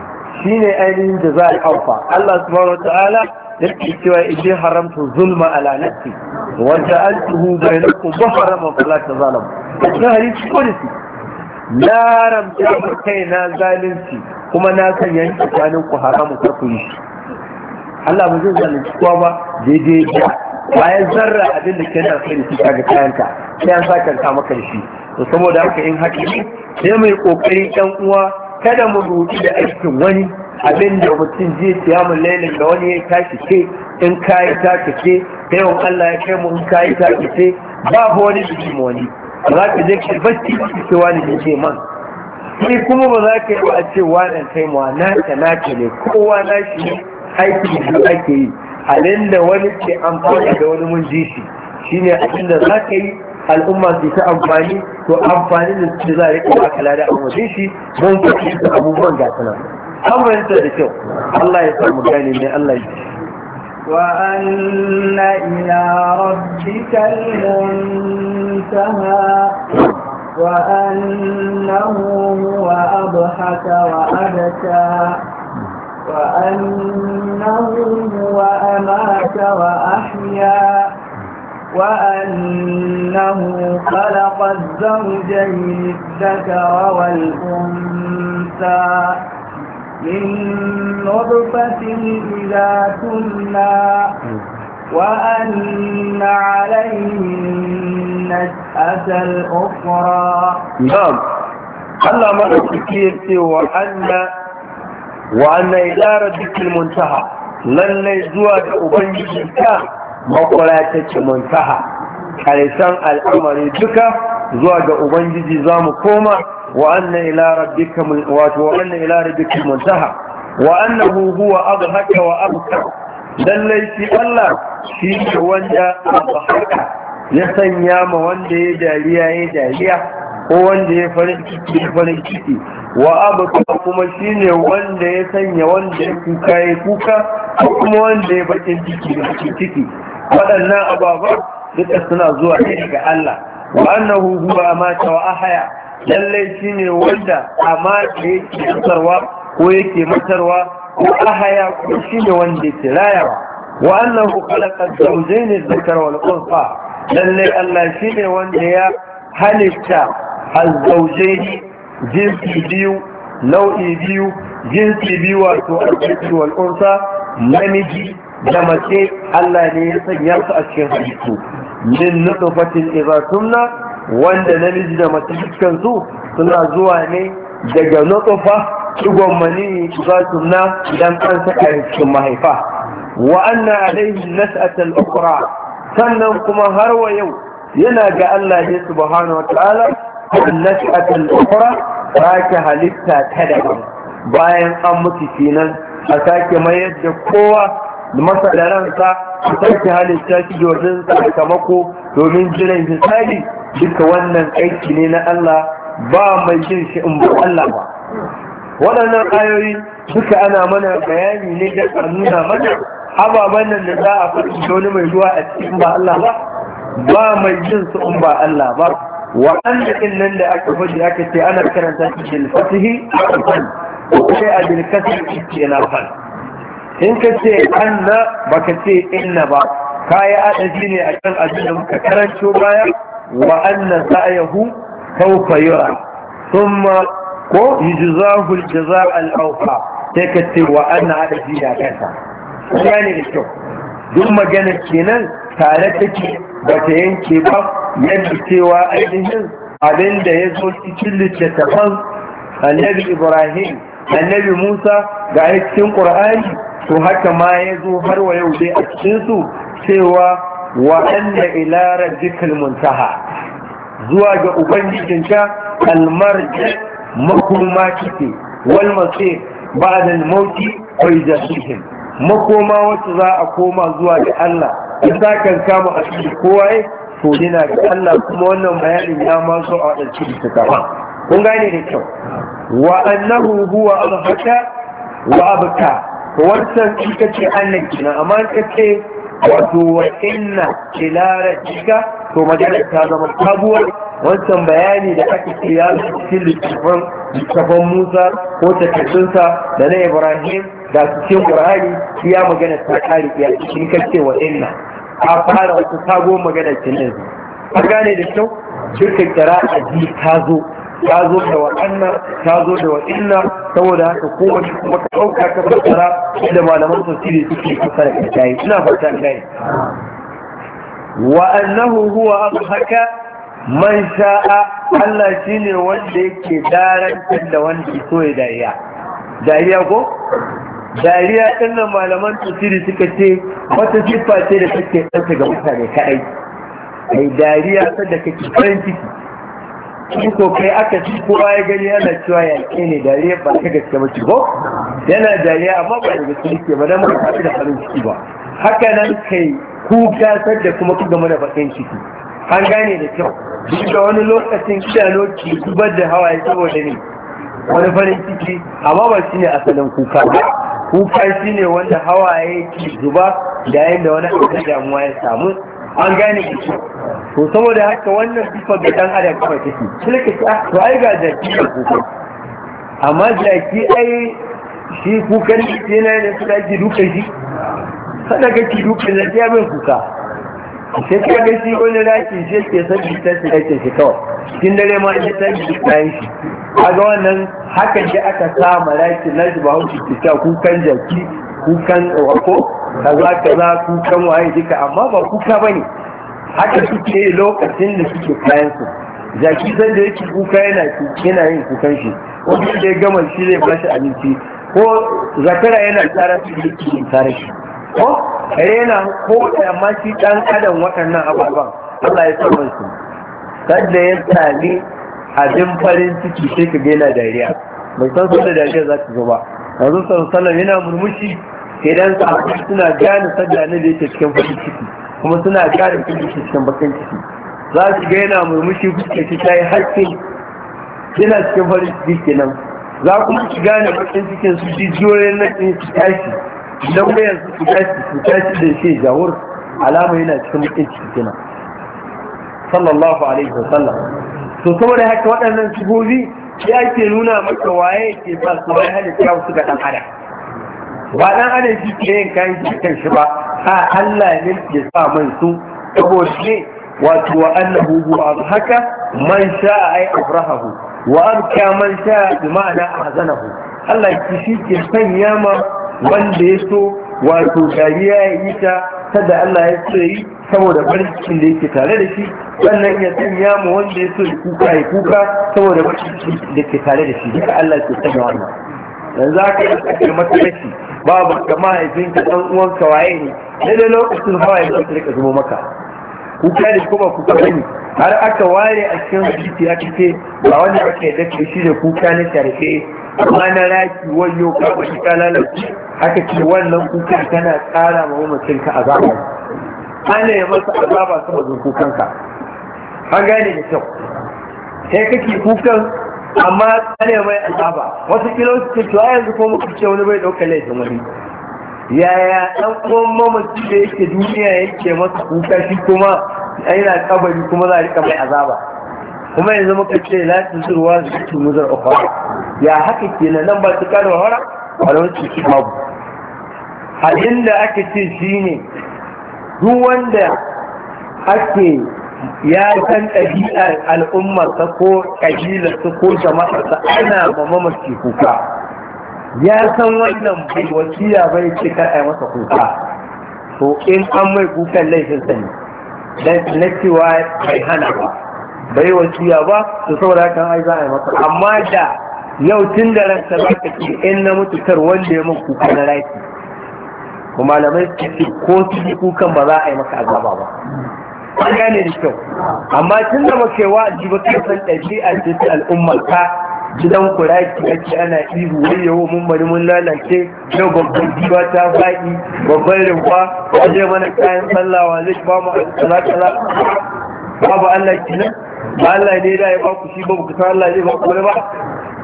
shi ne ainihin da za a kaufa Allah subhanahu wa ta'ala da ke cewa idai haramta zulma ala nafsi wanda an tuhu bai na ku ba haramun fala ta na hadisi ko da su na kai na zalunci kuma na san yanki tsakanin ku haramun ku yi Allah ba zai zalunci kowa ba daidai da bayan zarra abin da ke da kai ta ga kayanka sai an saka ka maka shi to saboda haka in haka sai mai kokari dan uwa kada mu rubuci da aikin wani abin da mutum je mu lailin da wani ya tashi ke in kai ta kace sai wa Allah ya kai mu in ba tashi ce babu wani mu wani za ka je ka bacci ka ce wani ke man sai kuma ba za ka yi ba a ce wani kai mu na ta na ne kowa na shi aiki da ake yi halin da wani ke amfani da wani mun ji shi shi shine abin da za ka yi al'umma su ta amfani to amfani da su za a riƙe ba kala da amfani shi don ka ci da abubuwan gasana an fahimta da kyau Allah ya samu gani ne Allah ya ci وأن إلى ربك المنتهى وأنه هو wa adaka. وأنه هو أمات وأحيا وأنه خلق الزوجين الذكر والأنثى من نطفة إذا كنا وأن عليه النشأة الأخرى نعم الله ما أتكيرتي وأن wa anna ila rabbikal muntaha lalle zuwa da ubangiji ka makwara ce muntaha karshen al'amari duka zuwa ga ubangiji za mu koma wa anna ila rabbika wato wa anna ila rabbikal muntaha wa annahu huwa adhaka wa abka lalle shi Allah shi wanda abhaka ya sanya ma wanda ya dariya ya dariya ko wanda ya fara ciki ya fara wa abuka kuma shine wanda ya sanya wanda ya kuka ya kuka ko kuma wanda ya bakin ciki da cikin ciki waɗannan ababa duka suna zuwa ne daga Allah wa annahu huwa amata wa ahya lalle shine wanda amata yake tsarwa ko yake matarwa ko ahya ko shine wanda yake rayawa wa annahu khalaqa zawjayn adh-dhakara wal unsa lalle Allah shine wanda ya halitta الزوجين jinsi biyu, nau'i biyu jinsi biyu wato alƙarfi wal unsa namiji da mace Allah ne ya sanya su a cikin halittu min nutfatin idza tumna wanda namiji da mace su suna zuwa ne daga nutfa digon mani idza tumna idan an saka cikin mahaifa wa anna alayhi nas'at al-ukhra sannan kuma har wa yau yana ga Allah ne subhanahu wa ta'ala النشأة الأخرى باك هلتا تدعم باين أمتي فينا أتاك ما يد قوة مثلا رنسا أتاك هلتا تجوزن سأكمكو ومن جنين تسالي بك ونن أيكي الله با mai jin shi in ba Allah ba waɗannan ayoyi duka ana mana bayani ne da a nuna mana da za a faɗi wani mai zuwa a cikin ba Allah ba ba mai jin su in ba Allah ba waɗanda ɗin da aka faɗi aka ce ana karanta shi da fasihi a sai a bin kasar shi ce in ka ce anna ba ka ce inna ba Kaya yi adadi ne a kan abin da muka karanto baya wa za a yahu kawfa yura sun ma ko yi jiza hulje za sai ka ce wa adadi ne a kansa. Ya ne da kyau, duk maganar kenan tare take ba ta yanke ba yadda cewa ainihin abin da ya zo cikin littattafan annabi ibrahim annabi musa ga cikin ƙur'ani to haka ma ya zo har wa yau dai a cikinsu cewa wa anna ila rabbikal muntaha zuwa ga ubangijinka almarji makoma kike wal masir ba'da al-mauti wa makoma wacce za a koma zuwa ga Allah ta kan kama a cikin kowa to dina ga Allah kuma wannan bayanin ya ma so a wadansu da kun gane da kyau wa annahu huwa alhaka wa abka wannan shi kace annan kina amma kace wato wa inna tilara jika to magana ta zama sabuwar wancan bayani da aka ce cikin littafin Musa ko takardunsa da na Ibrahim su ce qur'ani ya magana ta ƙari ya cikin kace wa inna a fara wata sabo magana kinin ka gane da kyau duka a ji ta zo ta zo da wa anna ta zo da wa inna saboda haka kowace kuma ka ɗauka ka fassara da malaman tafsiri suke fassara ka tayi ina fata kai wa annahu huwa haka man sha'a Allah shi ne wanda yake darantar da wanda so ya dariya dariya ko dariya ɗannan malaman tafsiri suka ce wata siffa ce da take ɗansa ga mutane kaɗai mai dariya sadda kake farin ciki in ko kai aka ci kowa ya gani yana cewa yaƙe ne dariya ba ta gaske ba ko yana dariya amma ba da gaske yake ba dan ba ta da farin ciki ba haka nan kai kuka sadda kuma ku gama da bakin ciki an gane da kyau duk da wani lokacin idanu zubar da hawaye saboda ne wani farin ciki amma ba shi ne asalin kuka ba kuka shi ne wanda hawaye ke zuba yayin da wani abu damuwa ya samu an gane shi to saboda haka wannan sifar da dan adam kuma take ne ka ce ah, to ai ga jaki da kuka amma jaki ai shi kukan shi ne da suka ji dukan shi kada kake dukan da ya mai kuka sai ka ga shi wani raki shi ke san shi da shi ake shi kawai cikin dare ma ta yi shi kayan shi A ga wannan haka da aka sama raki na shi ba hauki ke ta kukan jaki kukan wako kaza kaza kukan waye duka amma ba kuka ba ne. haka suke lokacin da suke kayan su jaki san da yake kuka yana yana yin kukan shi wanda da ya gama shi zai bashi abinci ko zakara yana tsara su yake tsara shi ko rena ko amma shi dan adam waɗannan ababen Allah ya saba su kada ya sami abin farin ciki sai ka gina dariya Mai san da dariya za ka zo ba yanzu sallallahu yana murmushi idan sa suna gane sadda ne da yake cikin farin ciki kuma suna gane cikin cikin bakin ciki za su ga yana murmushi fuskar shi ta yi haske yana cikin farin ciki kenan za kuma ki gane bakin cikin su jijiyoyin na cikin su tashi idan ba yanzu ku tashi da shi jawur alama yana cikin mutum cikin sallallahu alaihi wasallam to saboda haka waɗannan sigobi ya ke nuna maka waye ke ba su wai halitta wasu ga ɗan adam ba ɗan adam shi ke yin kayan shi kan shi ba a Allah ne ke sa mai su saboda ne wato wa annahu huwa haka man sha'a ai abrahahu wa abka man sha'a bi ma'ana ahzanahu Allah ki shi ke sanya ma wanda ya so wato dariya ya yi ta tada Allah ya so yi saboda farin cikin da yake tare da shi Wannan ya sanya mu wanda ya so ya kuka ya kuka saboda farin cikin da yake tare da shi duka Allah ke sanya wannan yanzu aka yi tsakar masarashi babu kama haifinka ɗan uwanka waye ne daidai lokacin hawa ya zama rika zubo maka kuka ba ku kuka ne. har aka ware a cikin hadisi aka ce ba wanda aka yadda ke shi da kuka na sharfe amma na raki wayo ka ba shi kalala haka ce wannan kuka tana tsara ma mamacin ka azaba ana ya masa azaba sama zun kukan ka an gane da kyau sai kake kukan amma ana mai azaba wasu kilo su ce to yanzu ko muka ce wani bai dauka laifin wani yaya ɗan uwan mamaci da yake duniya yake masa kuka shi kuma yana kabari kuma za a rika mai azaba kuma yanzu muka ce la tusurwa su ci muzar ukhra ya haka kenan nan ba su kare wahara wala su ci babu hadin da aka ce shi ne, duk wanda ake ya san ɗabi'ar al'ummarsa ko ƙabilarsa ko jama'arsa ana ma mamaci kuka ya san wannan bai wasiya bai ce kar a yi masa kuka to in an mai kukan laifin sani dan na cewa bai hana ba bai wasiya ba to saboda kan ai za a yi masa amma da yau tun da ran sa ka ce in na mutu wanda ya min kuka na laifi kuma malamai su ce ko su kukan ba za a yi maka azaba ba an gane da kyau amma tun da makewa ba, jiba kasan ɗabi'a ce ta al'ummar ka gidan kuraki ake ana ihu wai yawo mun bari mun lalace yau babban jiwa ta faɗi babban rinfa waje mana kayan sallawa zai ba mu alƙalaƙala babu Allah nan, ba Allah ne da ya ba ku shi ba ku san Allah zai ba ku ba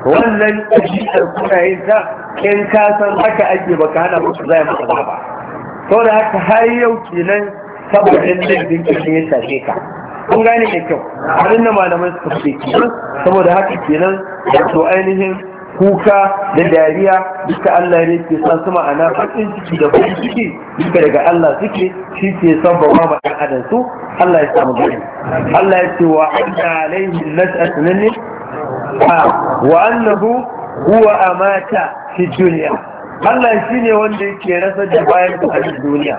wannan ajiyar kuna yin ta in ka san haka ake baka hana ba ku zai maka ba saboda haka har yau kenan saboda ɗin ɗin ɗin ya tafe ka kun gane da kyau abin da malamai suka fi kenan saboda haka kenan wato ainihin kuka da dariya duka Allah ne ke sa su ma'ana bakin ciki da kuma ciki duka daga Allah suke shi ke sabbawa ma ɗan adam su Allah ya samu gani Allah ya ce wa anna alaihi nas'atun ne wa annahu huwa amata fi duniya Allah shi ne wanda yake rasa da bayan a duniya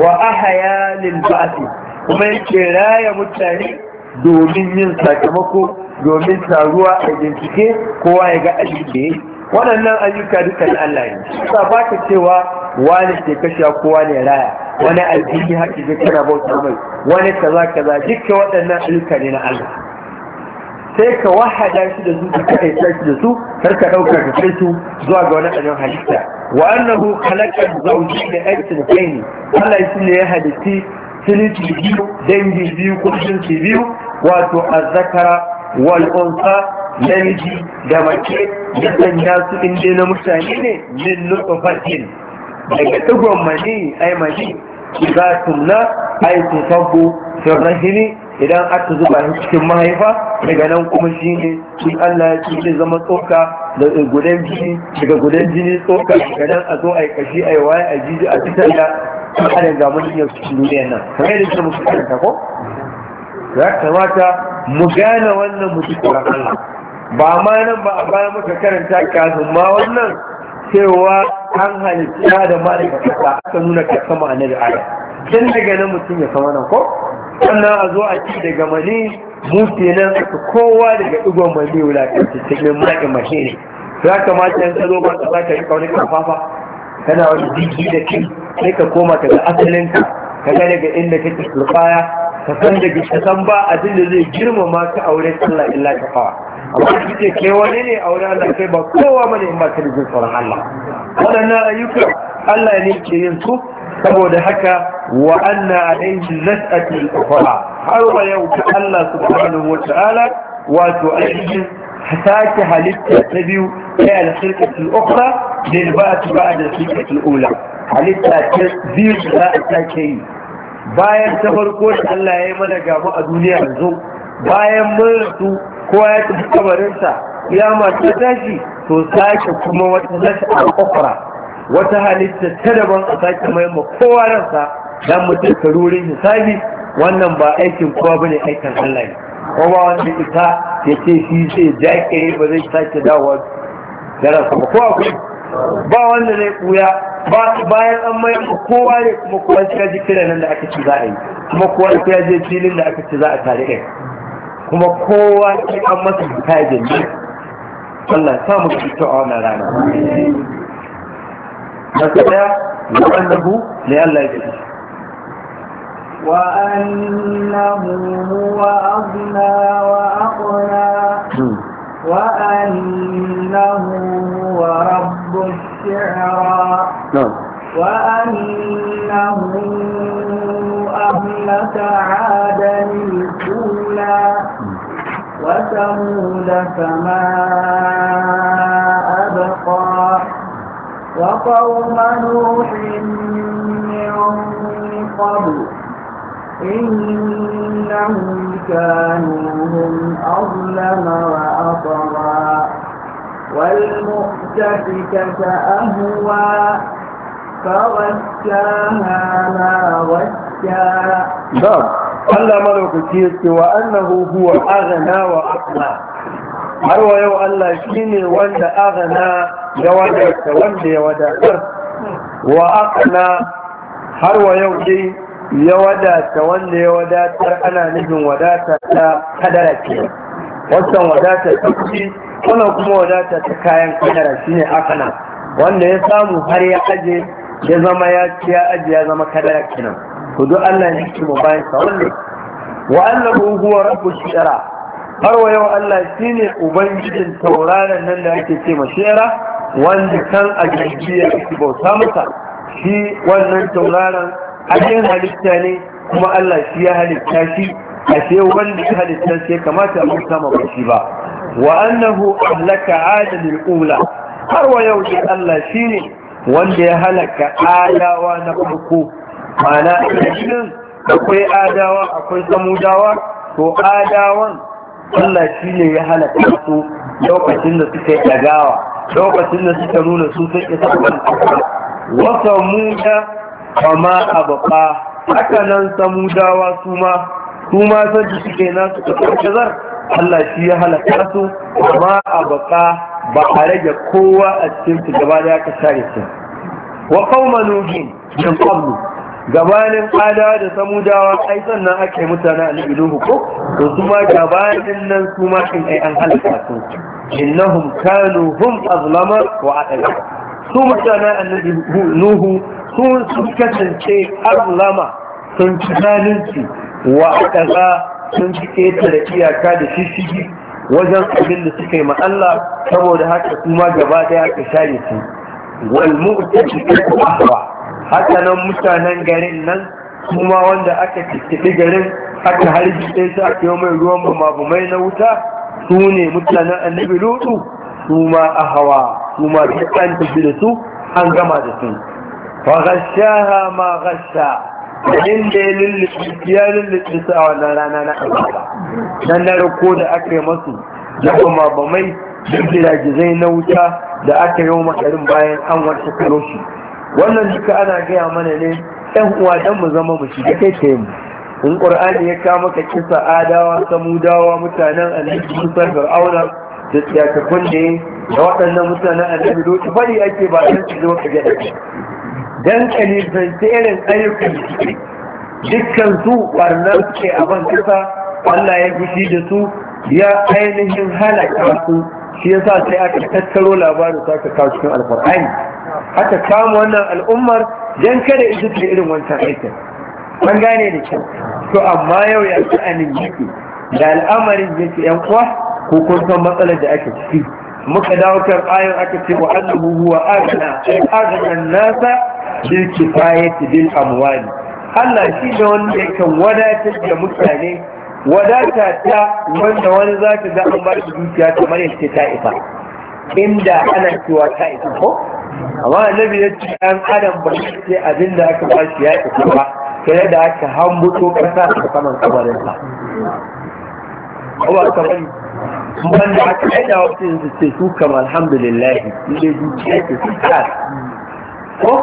wa ahaya lil ba'thi kuma yake raya mutane domin yin sakamako domin taruwa a bincike kowa ya ga abin da yi waɗannan ayyuka dukkan Allah ne sa ba ka cewa wani ke kashe kowa ne raya wani aljihi haƙi ga kana bauta mai wani kaza kaza dukkan waɗannan ayyuka ne na Allah sai ka wahada shi da su ka kai shi da su kar ka dauka ka kai su zuwa ga wani ɗan halitta wa annahu khalaqa zawjayn aytin kaini Allah shi ne ya halitti siliki biyu dangi biyu ko biyu wato Azakara, wal unsa namiji da mace ya sanya su inda na mutane ne min nutfatin daga tagon mani ai mani Za su tumna ai tusabbu fi rahimi idan aka zuba shi cikin mahaifa daga nan kuma shi ne shi Allah ya ce zama tsoka da gudan jini daga gudan jini tsoka daga nan a zo a yi kashi a yi waye a jiji a fitar da tsarin zamanin yau cikin duniyar nan kamar yadda muka karanta ko ya kamata mu gane wannan mutum tsoron Allah ba ma nan ba a baya muka karanta kafin ma wannan cewa an halitta da ma'aikata aka nuna sama a nan da aya tun daga nan mutum ya kama nan ko sannan a zo a ci daga mani mu kenan aka kowa daga igon mani wulakanci cikin maƙi mashi ne ya kamata yan tsaro ba ka zaka yi wani kana wani jiki da kai sai ka koma ka ga asalinka ka ga daga inda kake turfaya ka san da ka san ba abin da zai girmama ka aure Allah illa ka fawa amma kike kai wani ne aure Allah kai ba kowa bane in ba ka da jin tsoron Allah waɗannan ayyuka Allah ne ke yin su saboda haka wa anna alayhi nas'ati al-ukhra har wa yau ta Allah subhanahu wa ta'ala wato ainihin sake halitta ta biyu ta al-khilqatu al-ukhra lil ba'th ba'da da khilqatu al-ula halitta ta biyu da ake yi bayan ta farko da Allah ya yi mana gamu a duniya yanzu bayan mun rasu kowa ya tafi kabarinsa ya masu tashi to sake kuma wata nasa a kofara wata halitta ta daban a sake mai ma kowa ransa dan mutum ka rurin hisabi wannan ba aikin kowa bane aikin Allah ne kowa wanda ita ya ce shi zai jakire ba zai sake dawo da ransa ba kowa kuma ba wanda zai kuya bayan an mai kowa ne kuma kowa ya ji kiran nan da aka ci za a yi kuma kowa ya je filin da aka ci za a tare kai kuma kowa shi an masa hitajin Allah samu kyautu a wannan rana na ta daya wa'annahu ne Allah ya ce وأنه هو أغنى وأقنى وأنه هو رب الشعرى وأنه أهلك عادا الأولى وثمود فما أبقى وقوم نوح من قبل إنهم كانوا هم أظلم وأطغى والمؤتفكة أهوى فغشاها ما غشا باب قال ملك سيرك وأنه هو أغنى وأطغى har wa yau Allah shi ne wanda agana ya wadata wanda ya wadatar wa aqna har wa yau dai ya wadata wanda ya wadatar ana nufin wadata ta kadara ke wannan wadata ta kuɗi wannan kuma wadata ta kayan kadara shine akana wanda ya samu har ya aje ya zama ya ci ya aje ya zama kadara kenan to duk Allah ya shi mu bayan sa wannan wa annahu huwa rabbu shara har wa yau Allah shi ne ubangijin tauraron nan da ake ce mashera wanda kan a jirgiya ake bauta masa shi wannan tauraron yin halitta ne kuma Allah shi ya halitta shi ashe wanda ya halitta shi ya kamata a bauta ma shi ba wa annahu ahlaka adalil ula har wa yau dai Allah shi ne wanda ya halaka adawa na farko ma'ana a akwai adawa akwai samudawa to adawan Allah shi ne ya hana su lokacin da suka yi dagawa lokacin da suka nuna su sun isa wasa muda kama abuka haka nan samudawa su ma su ma san da suke nasu su ƙarƙazar Allah shi ya halaka su kama baka ba a rage kowa a cikin su gaba da ya ka share su wa kauma nuhin min qablu gabanin adawa da samudawa ai sannan ake mutane annabi nuhu ko to su ma gabanin nan su ma kin ai an halaka su innahum kanu hum azlama wa adala su mutane annabi nuhu su sun kasance azlama sun ci zalunci wa adala sun ci ƙetare iyaka da shishigi wajen abin da suka yi ma Allah saboda haka su ma gaba daya ka share su wal mu'tadi ahwa hakanan mutanen garin nan kuma wanda aka kikiɗi garin aka harbi su aka yi mai ruwan mai na wuta su ne mutanen annabi lutu su ma a hawa su ma duk an tafi da su an gama da su fa gashaha ma gasha inda ya lulluɓe ya lulluɓe su a wannan rana na azaba nan na rako da aka yi masu na bumabumai da gidajizai na wuta da aka yi wa makarin bayan an wata kaloshi wannan duka ana gaya mana ne ɗan uwa dan mu zama mu shiga kai ta mu in ƙur'ani ya kama maka kisa adawa samudawa mutanen annabi musa fir'auna da tsiyakakun ne da waɗannan mutanen annabi lokaci fari ake ba a zama kaje da dan zance irin ayyukan dukkan su ɓarnar suke a ban kasa Allah ya fushi da su ya ainihin halaka su shi yasa sai aka tattaro labarin sa ka kawo cikin alfarhani aka kama wannan al'ummar don kada ita ta irin wancan aikin an gane da kyau to amma yau ya sa'anin yake da al'amarin yake yan kuwa ko kun san matsalar da ake ciki muka dawo kan ayon aka ce wa annabu huwa agna agna nasa bil kifayati bil amwali Allah shi da wanda yakan wadatar da mutane wadata ta wanda wani za ta ga an ba su dukiya kamar yadda ta ifa. inda ana cewa ta isa ko amma annabi ya ce an adam ba ce abin da aka ba shi ya isa ba sai da aka hambuto kasa a saman kabarinsa ba ka bari ban da aka aida wasu yanzu ce su kam alhamdulillah dai zuciya ce su ta ko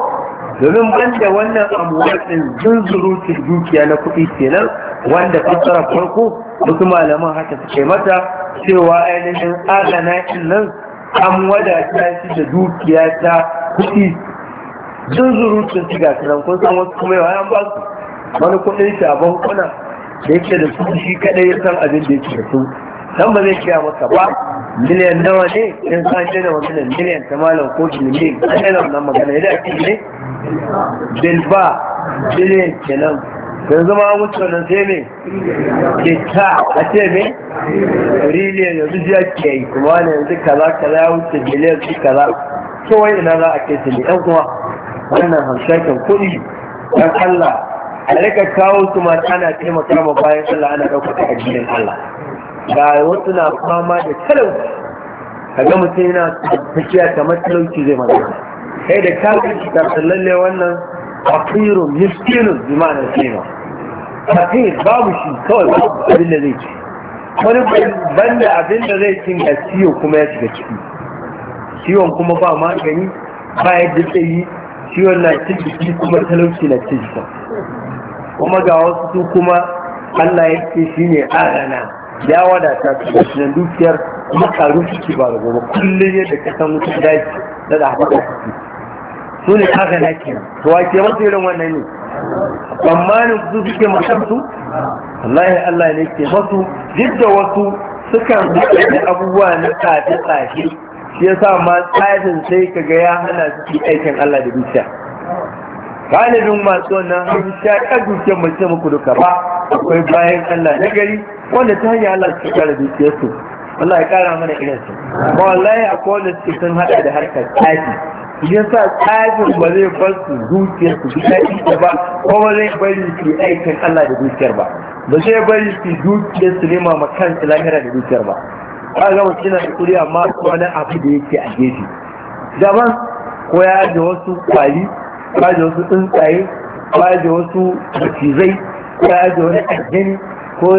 domin ban da wannan din ɗin zunzurutun dukiya na kuɗi kenan wanda fassara farko wasu malaman haka suke mata cewa ainihin adana nan an ta shi da dukiya ta kuɗi zun zurutun shiga sanan kun san wasu kuma yawa an ba su wani kuɗin shi a bankuna da yake da su shi kaɗai ya san abin da yake da su dan ba zai kira maka ba miliyan nawa ne in san shi da wannan miliyan ta malam ko miliyan an yana wannan magana yadda ake ne bilba miliyan kenan yanzu ma wuce wannan sai ne ke ta a ce ne ne yanzu ji ake yi kuma ne yanzu kaza kaza ya wuce biliyar su kaza kawai ina za a ke su ne yan kuma wannan hamshakin kudi ɗan allah a rika kawo su ma ana taimaka ma bayan allah ana ɗaukaka addinin allah ga wasu na fama da talauci ga mutum yana tafiya kamar talauci zai magana Sai da kafin shi lalle wannan fakirun miskinun zimanin kima fakir babu shi kawai abin da zai ci wani banda abin da zai cin ga ciwo kuma ya shiga ciki ciwon kuma ba magani ba yadda zai yi ciwon na ciki kuma talauci na ciki kuma ga wasu su kuma Allah ya ce shi ne arana ya wadata su da shi dukiyar kuma karu ba da gobe kullum yadda ka san mutum daji da da haɓaka su ne aka na ke. to wa ke masu irin wannan ne tsammanin su suke masu wallahi Allah ne ke masu duk da wasu sukan haɗa abubuwa na safe tsafe shi yasa ma tsafin sai ka ga ya hana su aikin Allah da dukiya galibin masu wannan hannun shaƙar dukiyar mace muku duka ba akwai bayan Allah na gari wanda ta hanyar Allah su kara su Allah ya kara mana irin su. ba wallahi akwai wanda suke sun hada da harkar kafi yasa tsagin ba zai bar su zuciyar su bi ita ba ko ba zai bari su aikin Allah da dukiyar ba ba zai bari su dukiyar su nema ma kansu lahira da dukiyar ba ba ga mutum yana da kuri amma wani abu da yake a gefe daban ko ya da wasu kwali ko da wasu tsuntsaye ko da wasu macizai ko da wani aljani ko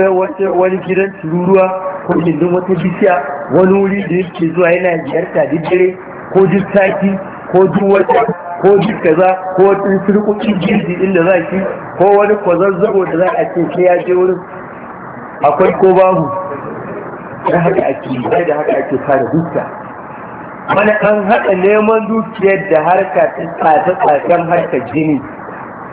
wani gidan tururuwa ko gindin wata bishiya wani wuri da yake zuwa yana ziyarta da dare ko duk sati ko duwata ko kaza ko ɗin surkuki inda za ki ko wani kwazazzabo da za a ce ke ya je wurin akwai ko babu haɗa haka ake yi da haka ake fara duka. mana an haɗa neman dukiyar da harka ta tsafe tsakan harkar jini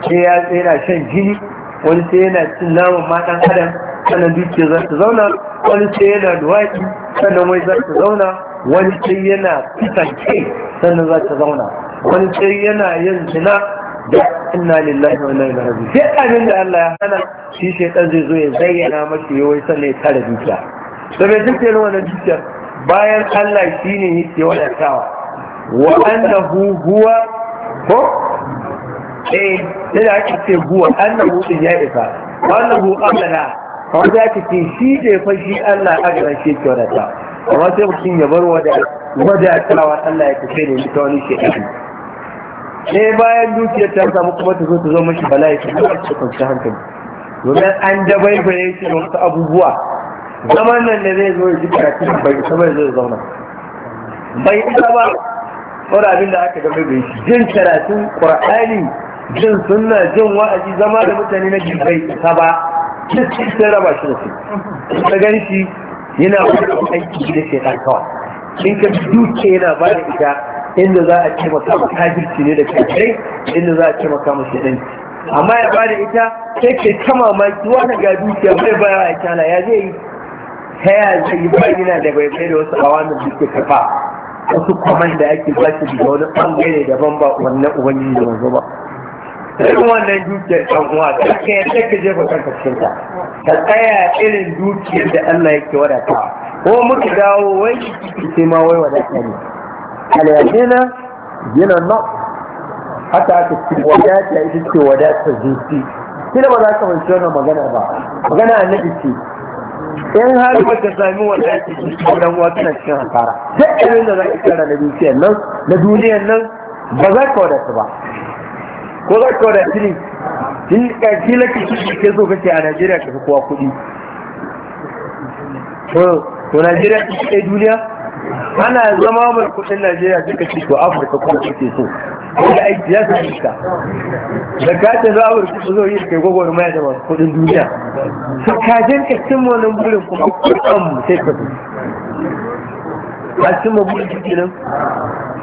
sai ya shan jini wani sai yana cin naman matan adam sannan duke za su zauna wani ce yana duwaki sannan wai za ta zauna wani ce yana fitanke sannan za ta zauna wani ce yana yin zina da ina lillahi wa inna ilaihi sai abin da Allah ya hana shi ɗan zai zo ya zayyana maka yawai sannan ya tara dukiya da bai dukiya wannan dukiya bayan Allah shi ne yake wadatawa wa annahu huwa ko eh da ake ce huwa annahu din ya isa annahu na kawai za ka ce shi ne fa shi Allah a gara shi kyautata amma sai mutum ya bar wadatawa Allah ya tafi ne ta wani shi shekaru ne bayan dukiyar ta samu kuma ta zo ta zo mashi bala'i ta zo ta kwanci hankali domin an dabaibaye shi da wasu abubuwa zaman nan da zai zo ya ji karatu bai isa bai zo ya zauna bai isa ba wani abin da aka gaba bai shi jin karatun ƙur'ani jin sunna jin wa'azi zama da mutane na bai isa ba cikin sun raba shi da su ta gani yana wani aiki da shekar kawai in ka duke yana ba da ita inda za a ce maka mu ne da kafirai inda za a ce maka mu amma ya ba da ita sai ke ta mamaki wani ga dukiya bai baya a kyana ya zai yi ta ya zai yi ba yana da bai bai da wasu awamin da suke kafa wasu kwaman da ake ba shi daga wani bangare daban ba wannan ubangiji da manzo ba irin wannan dukiyar ɗan uwa da ka yadda ka jefa kanka cikin ta ka tsaya irin dukiyar da Allah yake wadatawa ko muka dawo wai sai ma wai wadata ne alayyadina yana na haka aka ce wadata ita ce wadatar zuci kina ba za ka wanci wannan magana ba magana annabi ce in har ba ka sami wannan ɗan uwa tana cikin hankara. duk irin da za ka kara na dukiyar nan na duniyar nan ba za ka wadata ba ko za ka wadaci ne tun ƙarfi na kashi ke so kake a najeriya ka fi kowa kuɗi to najeriya ta ke duniya ana zama mai kuɗin najeriya suka ce to afirka kuma kuke so wanda aiki ya sami ka da ka ce za a wurfi su zo yi kai gwagwar maya da masu kuɗin duniya su kajin ka cin wannan burin kuma kuɗin sai ka zo a cikin mabuɗin ciki nan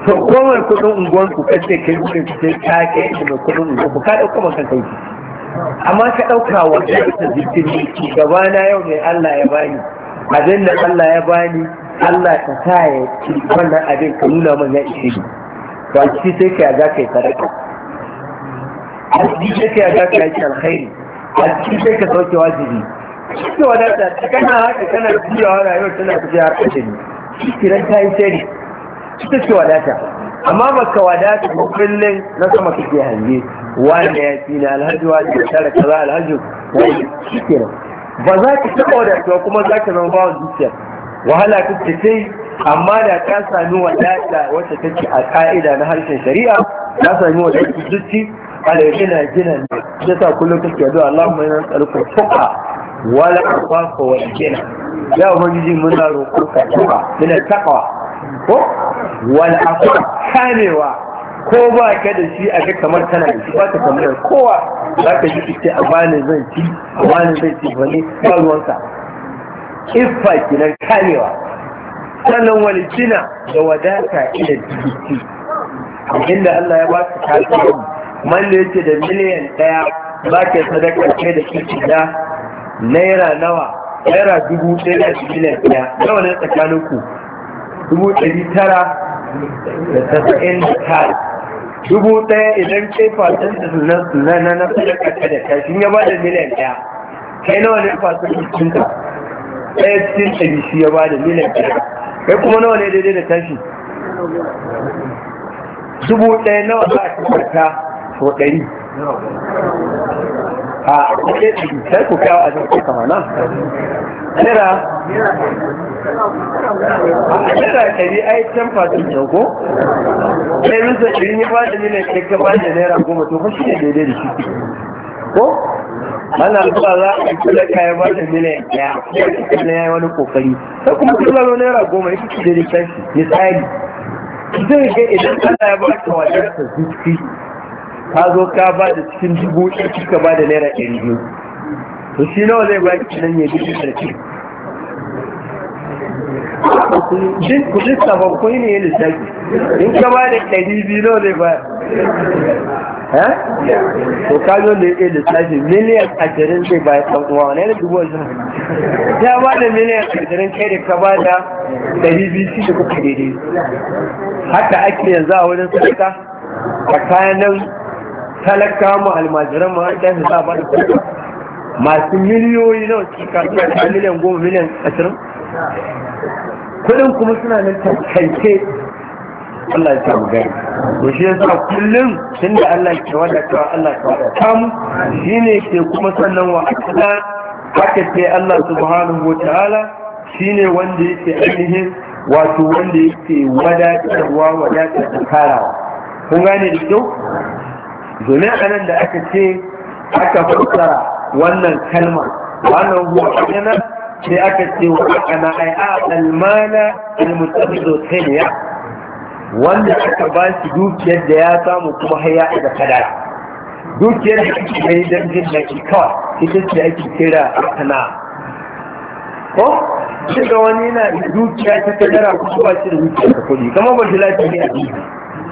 to kowai kudin unguwan ku kace kai kudin ku sai ka kai da kudin unguwan ku ka dauka maka kai amma ka dauka wanda ita zikiri gaba na yau ne Allah ya bani abin da Allah ya bani Allah ta sa ya ci wannan abin ka nuna man ya ishe ni to a ciki sai ka ga kai sadaka a ciki sai ka ga kai alkhairi a ciki sai ka sauke wajibi cikin wadata kana haka kana wa rayuwar tana tafiya har ƙashin ne kiran ta yi shari ita ce wadata amma baka wadata ko kullum na sama kake hange wanda ya fi na alhaji wanda ya tara kaza alhaji wani shi ba za ka taɓa wadatuwa kuma za ka zama bawan zuciya wahala ta ce sai amma da ka sami wadata wacce take a ka'ida na harshen shari'a ka sami wadata zuci kare na gina ne ya sa kullum kake addu'a Allahumma inna nas'aluka wala gina muna ko ko ba ka da shi a ga kamar tana da shi ba ka kamar kowa za ka ji ce a bani zan ci a bani zan ci wani ba ruwanka Ifa kinan kamewa sannan wani gina da wadata ila jiki inda Allah ya ba ka kasuwa wanda yake da miliyan ɗaya ba ke sadaka kai da shi shida naira nawa naira dubu ɗaya da miliyan ɗaya nawa ne tsakanin ku dubu ɗari tara da tasa'in da tara dubu ɗaya idan kai fasin da na na na sadaka kai da kashi ya ba da miliyan ɗaya kai nawa ne fasin da cinka ɗaya cikin ɗari shi ya ba da miliyan ɗaya kai kuma nawa ne daidai da tashi dubu ɗaya nawa za a kafarta so ɗari a kuɗe sai ku kawo a jirgin kama na naira a naira ɗari ai can fasin ko sai rinsa ɗari ya ba da nila ya gaba da naira goma to fa shi ne daidai da shi ko ana zuwa za a yi kula kayan ba da nila ya na ya wani kokari sai kuma kula naira goma ya fi daidai tashi misali zai ga idan ana ya ba ta wajen ta zuci ka zo ka ba da cikin dubu ɗarki ka ba da naira ɗari biyu to shi nawa zai ba ki nan ya bi sarki din ku sabon ku ne ya lissafi in ka ba da ɗari biyu nawa zai ba ha to ka zo da ya lissafi miliyan ashirin zai ba ɗan uwa wani yana dubu wajen. ya ba da miliyan ashirin kai da ka ba da ɗari biyu shi da kuka daidai haka ake yanzu a wurin sadaka a kayan nan talaka mu almajiran mu dan da za ba da masu miliyoyi nawa suke kasuwa da miliyan goma miliyan ashirin kudin kuma suna nan tankance Allah ya samu gari to shi yasa kullum tunda Allah ke wanda ta Allah ya wada ta mu ne ke kuma sannan wa akala haka ce Allah subhanahu shi ne wanda yake ainihin wato wanda yake wadatarwa wadatar da karawa kun gane da kyau domin anan da aka ce aka fassara wannan kalmar wannan huwa kana sai aka ce wa ana ai a almana almutabidu tayya wanda aka ba shi dukiyar da ya samu kuma haya da kadara dukiyar da ake kai don jin da ke kawai ita ce ake kira kana ko shi ga wani yana dukiya ta kadara kuma ba shi da dukiya ta kuɗi kamar ba shi lafiya ne a duniya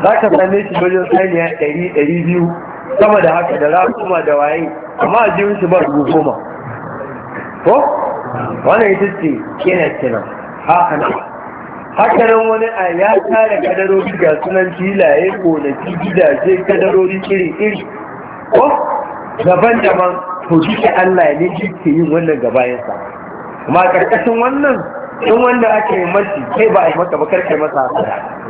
za ka same shi wajen saniya ɗari ɗari biyu sama da haka da rakuma da waye amma a jirin shi ba dubu goma ko wannan ita ce kenan kenan haka nan haka nan wani a ya tara kadarori ga sunan filaye gonaki gidaje kadarori iri iri ko daban daban to duka Allah ne ke yin wannan gabayansa kuma a ƙarƙashin wannan in wanda aka yi mashi kai ba a yi maka ba karkai masa hasara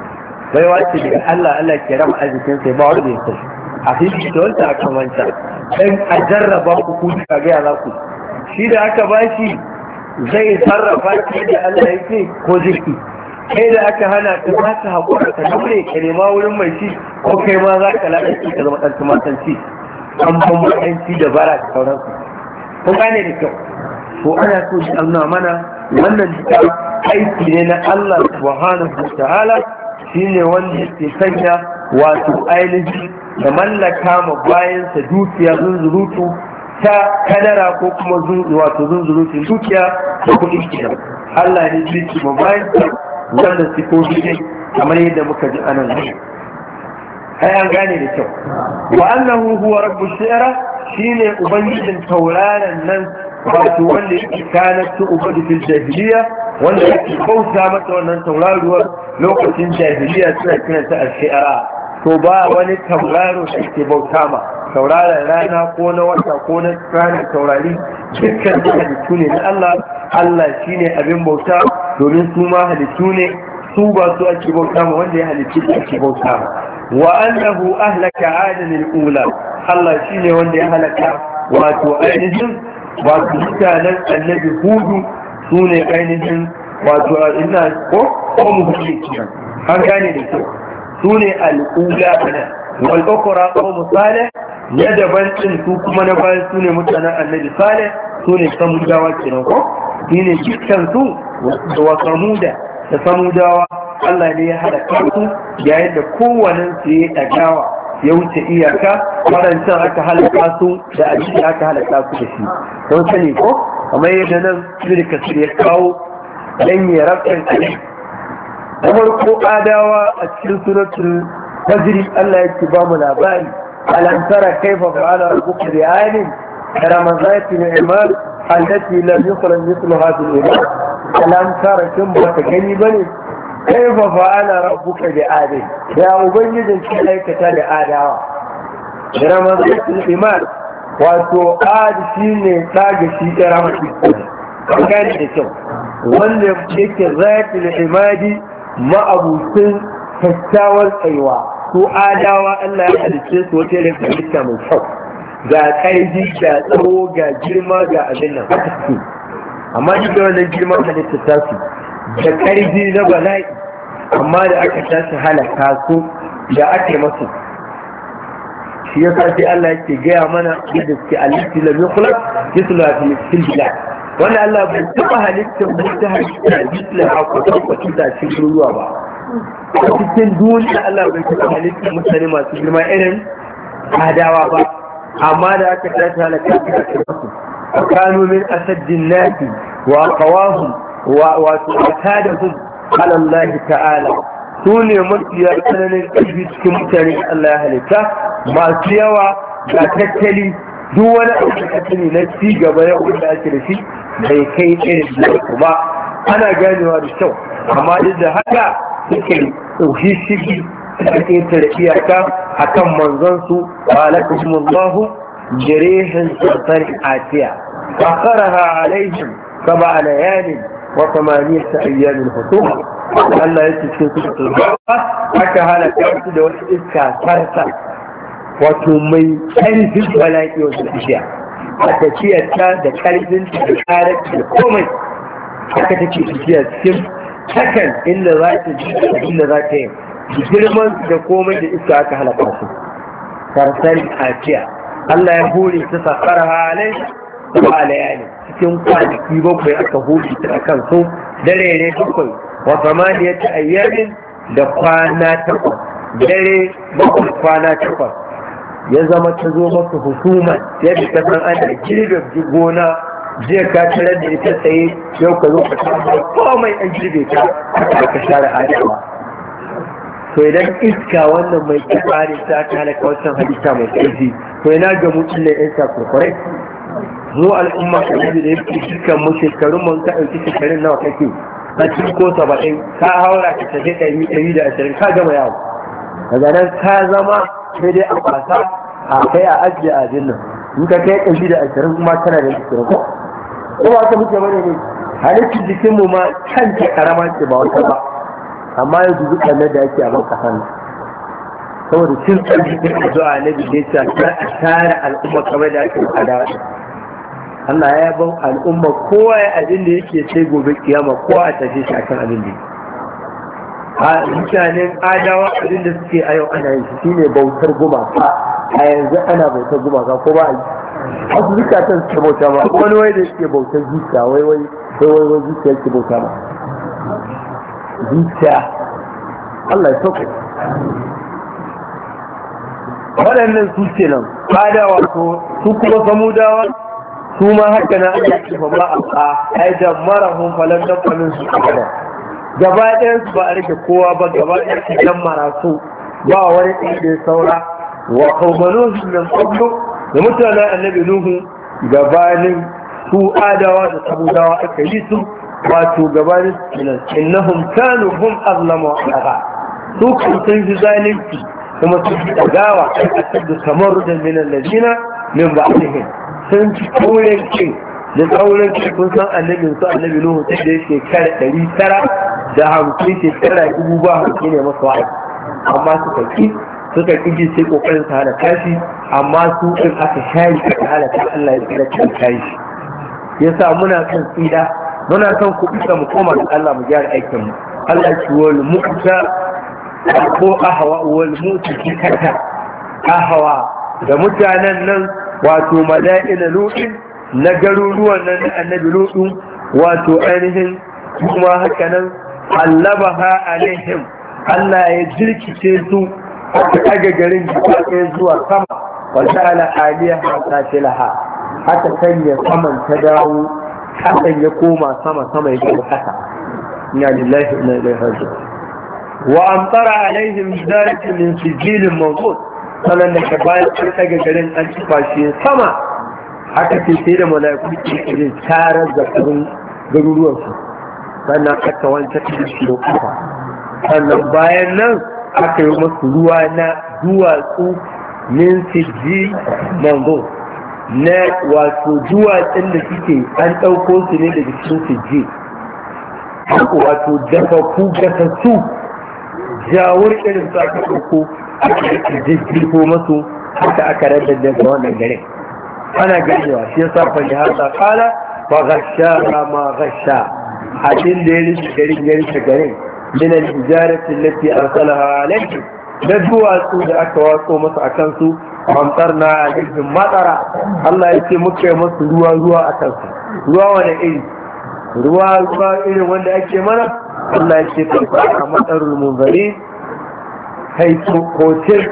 baiwa ce daga Allah Allah ke rama arzikin sai ba wanda ya sai a fili da wanta akan wanta dan a jarraba ku ku ka ga za ku shi da aka bashi zai sarrafa ki da Allah yake ko ziki kai da aka hana ka za ka haƙura ka daure ka nema wurin mai shi ko kai ma za ka lalace ka zama ɗan tumatanci an bambanci da bara da sauransu ko gane da kyau ko ana so shi an mana wannan duka aiki ne na Allah subhanahu wa ta'ala ne wanda yake sanya wato ainihi da mallaka ma bayansa dukiya zunzurutu ta kadara ko kuma wato zunzurutun dukiya da kuɗin kidan Allah ne zai ma bayansa wanda ko ne kamar yadda muka ji anan ai an gane da kyau wa annahu huwa rabbu shi'ra shine ubangijin tauraron nan wato wanda yake kanar ta ubadu fil jahiliya wanda yake bauta mata wannan tauraruwar lokacin jahiliya suna kiranta al-shi'ara to ba wani tauraro da ke bauta ma tauraron rana ko na wata ko na ranar taurari dukkan su halittu ne na Allah Allah shine abin bauta domin su ma halittu ne su ba su ake bauta ma wanda ya halittu da ake bauta ma wa annahu ahlaka adan al-ula Allah shine wanda ya halaka wato ainihin wato mutanen annabi hudu su ne ainihin wato a ina ko ko mu hudu kenan an gane da kyau su ne al'ula ana wal ukhra mu Sale? na daban ɗin su kuma na bayan su ne mutanen annabi Sale? su ne samudawa kenan ko shi ne dukkan su wa samuda da samudawa Allah ne ya hada kansu yayin da kowanne su ya dagawa ya wuce iyaka waɗancan aka halaka su da abin aka halaka su da shi don sani ko kamar yadda nan ibn kasir ya kawo dan ya rafin ali da farko adawa a cikin suratul fajr Allah ya ce ba mu labari alam tara kaifa fa'ala rabbuka bi alim karamazati ni'mal allati lam yukhraj mithluha bil ibad alam tara kin ba ka gani bane kaifa ana rabbuka bi adin ya ubangijin ki aikata da adawa ki iman wato adi shine tsage shi da ramadatul kan gani da kyau wanda yake zatul imadi ma'abutin tattawar tsayuwa ko adawa Allah ya halice su wata irin halitta mai kyau ga ƙarfi ga tsawo ga girma ga abin nan amma duk da wannan girma halitta ta su da ƙarfi na bala'i amma da aka tashi halaka su da aka yi masu shi ya sai Allah yake gaya mana da suke alifi lam yukhlaq yusla fi fil bilad wannan Allah bai taba halittar mutum halitta yusla a kwatan kwatan da cikin ruwa ba a cikin duniya Allah bai taba halittar mutane masu girma irin adawa ba amma da aka tashi halaka su da aka masu kanu min asaddin nasi wa qawahum wato a da su alallahi ta'ala su ne mafiya tsananin ƙarfi cikin mutane Allah ya halitta masu yawa ga tattali duk wani abu da na ci gaba ya wanda ake da shi bai kai irin da ba ana ganewa da kyau amma duk da haka suke tsohi shigi a ƙetare iyaka a kan manzansu wa alaƙashimallahu jirihin tsarfar atiya fakaraha alaihim kama a wa samaniyata ayyamin hukuma Allah ya ce cikin su aka halaka su da wata iska farsa wato mai ƙarfin bala'i wasu tafiya a tafiyar ta da ƙarfin da ƙarar da komai haka take tafiya cikin hakan inda za ta ji inda za ta da komai da iska aka halaka su farsar Allah ya hore ta safar ba layali cikin kwanaki bakwai aka huce ta akan su dare ne bakwai wa samaniyati ayyamin da kwana takwas dare bakwai kwana takwas ya zama ta zo masa husuma yadda ta san ana girbe gona jiya ka tare da ita tsaye yau ka zo ka samu komai an girbe ta ka share adama. to idan iska wannan mai kifari ta ta halaka wancan mai ƙarfi to yana ga mutum ne yan sakurkurai mu al'umma yi da yake dukkan mu shekarun mu ta ɗauki shekarun nawa kake cikin ko saba'in ka haura ka tafi ɗari ɗari da ashirin ka gama yawo daga nan ka zama sai dai a kwasa a kai a ajiye a abin nan in ka kai ɗari da ashirin kuma tana da yake ko ko ba ka muke bane ne halittar jikinmu ma kan ke karama ce ba wata ba amma yanzu zuzu ɗanar da ake a maka hannu. saboda cin tsarki da zuwa na bidiyar ta tara al'umma kamar da ake a dawa Allah ya ban al'umma kowa ya abin da yake sai gobe kiyama kowa a tafi shi akan abin da a mutanen adawa abin da suke a yau ana yin shi ne bautar gumaka a yanzu ana bautar gumaka ko ba a yi wasu zukatan suke bauta ba wani wai da suke bautar zuciya wai wai wai wai zuciya suke bauta ba zuciya Allah ya sauka waɗannan su ce nan adawa su kuma samudawa su ma haka na Allah ke fa ba a yi da marahun falan dan falin su kada gaba ɗayan su ba a rike kowa ba gaba ɗayan su dan marasu ba wani ɗaya da saura wa qaumanu min qablu da mutanen annabi nuhu gabanin su adawa da sabudawa aka yi su wato gabanin sinan innahum kanu hum azlamu alaha su kan sun ji zalunci kuma su ji dagawa a cikin kamar da minan ladina min ba'dihim sun ci kaurin cin da tsaurin cin kun san annabin su annabi nuhu sai da yake kare ɗari tara da hamsin shekara dubu ba hamsin ne masu wa'azi amma suka ki suka ji sai ƙoƙarin su hana kashi amma su ɗin aka shayi aka halata Allah ya tsira cikin kashi yasa muna kan tsida muna kan kuɓuta mu koma da Allah mu gyara aikin mu Allah ki ci wal ko ahawa wal ki kata ahawa da mutanen nan wato mala'ina lutin na garuruwan nan na annabi lutu wato ainihin kuma haka nan allabaha alaihim Allah ya jirkice su aka daga garin jikin zuwa sama wata ala aliyah ta filaha haka sanya saman ta dawo kasan ya koma sama sama ya kuma kasa ina lillahi ina ilaihi raji'un wa amtara alaihim zalika min sijilin mawdud sanan da ka bayan an daga garin an ci fashe sama aka ce sai da mala'iku ke kirin tarar zakarun garuruwansu sannan aka wancan kirin da kufa sannan bayan nan aka yi masu ruwa na duwatsu min sijji mango na wato duwatsun da suke an ɗauko su ne daga cikin sijji wato dafafu gasassu Jawar irin su aka ɗauko aka ko masu haka aka da ga wannan garin ana ganewa shi yasa fali hasa kala ba gasha ma gasha hadin da ya rufe garin ya rufe garin min al-ijarati allati arsalaha alayhi da duwatsu da aka watso masa a kansu amtarna alaihim matsara Allah ya ce muka yi masu ruwa ruwa a kansu ruwa wani iri ruwa ruwa irin wanda ake mana Allah ya ce tafa a matsarul munzari haito hotel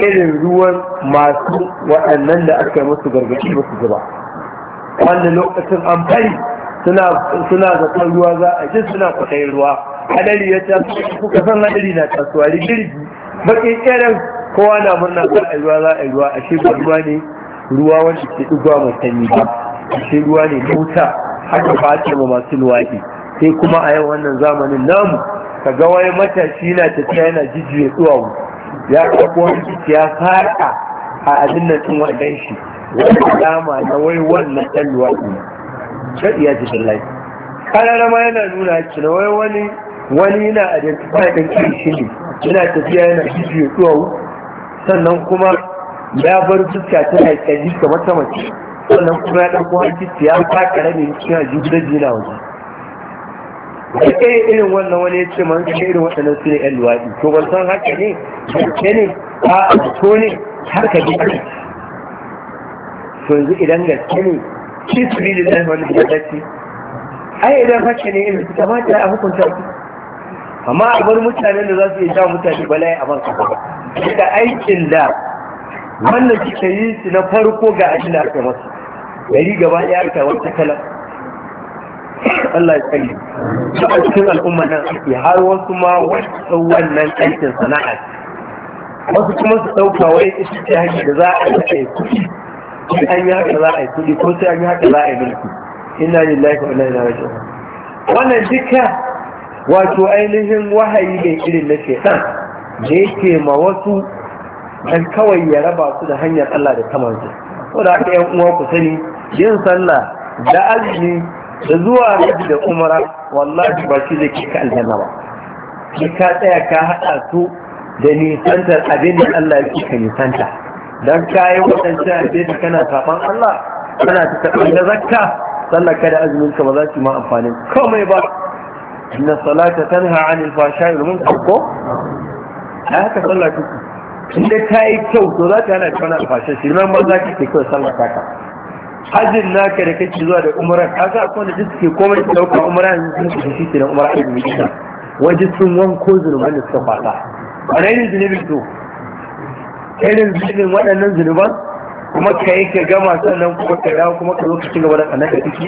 irin ruwan masu waɗannan da aka yi musu gargaɗi ba su zuba wanda lokacin amfani suna zaton ruwa za a ji suna kwaɗayin ruwa hadari ya taso kuka san hadari na tasowa rigirgi bakin irin kowa na murna kan a ruwa za a ruwa a shi ruwa ne ruwa wanda ke ɗugwa mai sanyi ba a shi ruwa ne mota haka ba ce ma masu luwaɗi sai kuma a yau wannan zamanin namu ka ga wani matashi na tafiya yana jijiye duwawu ya ɗauko wani ya faɗa a abin nan tun wannan shi wani dama na wai wannan ɗan luwaɗi ne shaɗi ya ji lai ƙarara ma yana nuna shi na wai wani wani yana identify ɗin shi ne yana tafiya yana jijiye duwawu sannan kuma ya bar fuska ta ƙyalli ga ta mace wannan kuma ya ɗauko hankici ya ba ƙarami suna jibi na waje da irin wannan wani ya ce man ka irin waɗannan su ne ƴan luwaɗi to ban san haka ne ke ne a ko ne haka ne to yanzu idan gaske ne shi su rili da ɗan wani da gaske ai idan haka ne irin su kamata a hukunta su amma a bar mutanen da za su iya sha mutane bala'i a ban kafa da aikin da wannan suka yi su na farko ga abin da aka masu gari gaba ɗaya aka wata kalar Allah ya tsaye a cikin al'umma nan ake har wasu ma wasu wannan aikin sana'a wasu kuma su ɗauka wai ita ce hanyar da za a yi kuɗi an yi haka za a yi kuɗi ko sai an yi haka za a yi mulki ina lillahi wa inna ilaihi raji'un wannan duka wato ainihin wahayi ne irin na shaitan da yake ma wasu dan kawai ya raba su da hanyar Allah da Ko da haka yan uwa ku sani yin sallah da azumi da zuwa haji da umara wallahi ba shi zai kika aljanna ba ki ka tsaya ka haɗa su da nisantar abin da Allah ya kika nisanta dan kayi waɗancan abin da kana saban Allah kana ta taɓa da zakka sallah da azumin ka ba za ki ma amfani komai ba inna salata tanha anil fashai wal munkar ko A haka sallah take in dai yi kyau to za ta hana ta wani alfashin shi nan ba za ki ke kyau sallah ka hajjin naka da kake zuwa da umran ga akwai wanda suke komai su dauka umran sun su shi da umran ibn isa waje sun wanko zulman da suka fata rainin zunubin to irin zunubin waɗannan zunuban kuma ka yi ka gama sannan kuma ka dawo kuma ka zo ka ci gaba da kanan ka ciki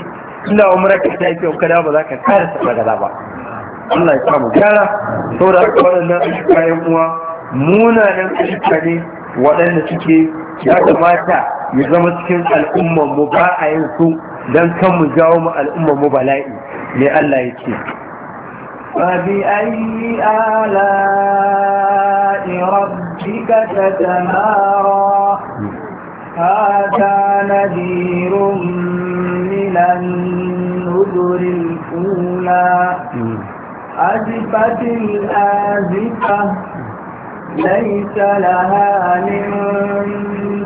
ina umran ka ta yi kyau ka dawo ba za ka kara sa gaza ba Allah ya samu gyara saboda waɗannan ayyukan uwa munanan ayyuka ne waɗanda suke ya kamata ya zama cikin mu ba a yin su don kan mu jawo mu bala'i ne Allah ya ce. Fabi ayi ala irabci ka ta tamara, ha na birun milan nuzurin kula, hmm. azifatin azifa. ليس لها من